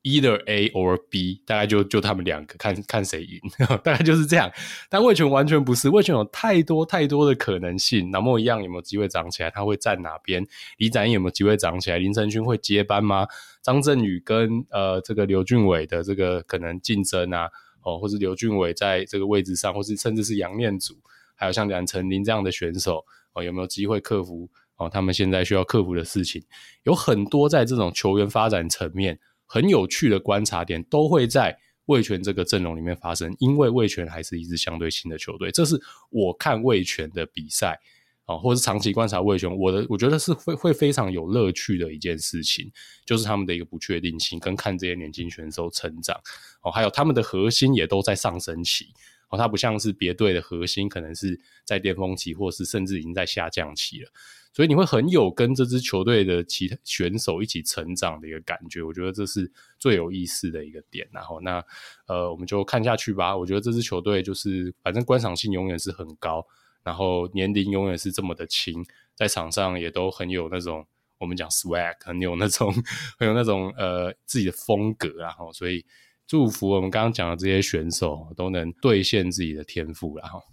either A or B，大概就就他們兩個看看誰贏，大概就是這樣。但味全完全不是，味全有太多太多的可能性，那麼一樣有沒有機會長起來？他會站哪邊？李展有沒有機會長起來？林辰勳會接班嗎？張振宇跟呃這個劉俊偉的這個可能競爭啊，哦，或者劉俊偉在這個位置上，或是甚至是楊念祖。還有像梁成林這樣的選手、哦、有沒有機會克服、哦、他們現在需要克服的事情有很多。在這種球員發展層面，很有趣的觀察點都會在味全這個陣容裡面發生。因為味全還是一支相對新的球隊，這是我看味全的比賽、哦、或者是長期觀察味全我，我覺得是會，會非常有樂趣的一件事情，就是他們的一個不確定性，跟看這些年輕選手成長、哦、還有他們的核心也都在上升期。哦，它不像是別隊的核心，可能是在巔峰期，或是甚至已經在下降期了。所以你會很有跟這支球隊的其他選手一起成長的一個感覺。我覺得這是最有意思的一個點啊。然後，那呃，我們就看下去吧。我覺得這支球隊就是，反正觀賞性永遠是很高，然後年齡永遠是這麼的輕，在場上也都很有那種我們講 swag，很有那種很有那種呃自己的風格啊。然後，所以。祝福我們剛剛講的這些選手都能兌現自己的天賦然後哈，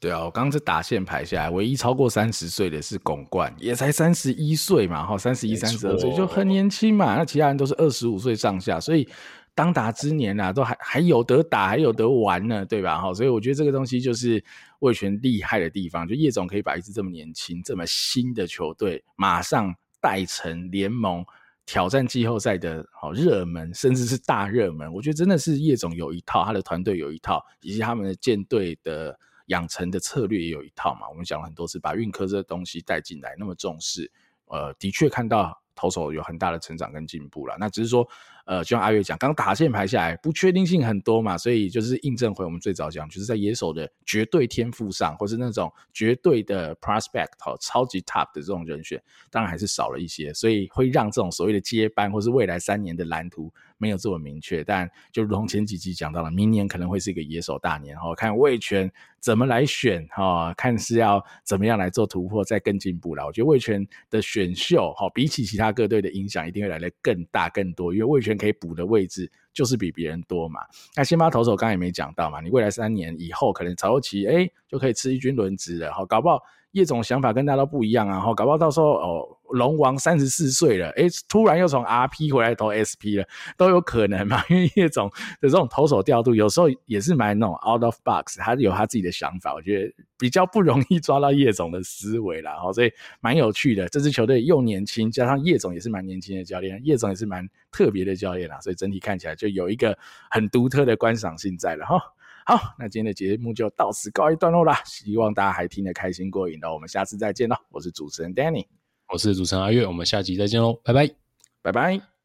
對啊，我剛剛是打線排下來，唯一超過三十歲的是鞏冠，也才三十一歲嘛，哈，三十一、三十二歲就很年輕嘛。那其他人都是二十五歲上下，所以當打之年啊，都還，還有得打，還有得玩呢，對吧？所以我覺得這個東西就是味全厲害的地方，就葉總可以把一支這麼年輕、這麼新的球隊馬上帶成聯盟挑戰季後賽的好熱門，甚至是大熱門，我覺得真的是葉總有一套，他的團隊有一套，以及他們的艦隊的養成的策略也有一套嘛。我們講了很多次，把運科這個東西帶進來，那麼重視，呃，的確看到投手有很大的成長跟進步了。那只是說。呃，就像阿月講，剛剛打線排下來，不確定性很多嘛，所以就是印證回我們最早講，就是在野手的絕對天賦上，或是那種絕對的 prospect，超級 top 的這種人選，當然還是少了一些，所以會讓這種所謂的接班，或是未來三年的藍圖。沒有這麼明確，但就如同前幾集講到了，明年可能會是一個野手大年哦，看味全怎麼來選哈、哦，看是要怎麼樣來做突破再更進步了。我覺得味全的選秀哈、哦，比起其他各隊的影響，一定會來得更大更多，因為味全可以補的位置就是比別人多嘛。那先發投手剛才也沒講到嘛，你未來三年以後可能曹若誒就可以吃一軍輪值了，好、哦、搞不好。葉總想法跟大家都不一樣啊，哈，搞不好到時候哦，龍王三十四歲了，欸，突然又從 RP 回來投 SP 了，都有可能嘛，因為葉總的這種投手調度有時候也是蠻那種 out of box，他有他自己的想法，我覺得比較不容易抓到葉總的思維啦。哈，所以蠻有趣的。這支球隊又年輕，加上葉總也是蠻年輕的教練，葉總也是蠻特別的教練啦，所以整體看起來就有一個很獨特的觀賞性在了，哈。好，那今天的節目就到此告一段落啦。希望大家還聽得開心過癮哦，我們下次再見嘍。我是主持人 Danny，我是主持人阿月，我們下期再見嘍，拜拜，拜拜。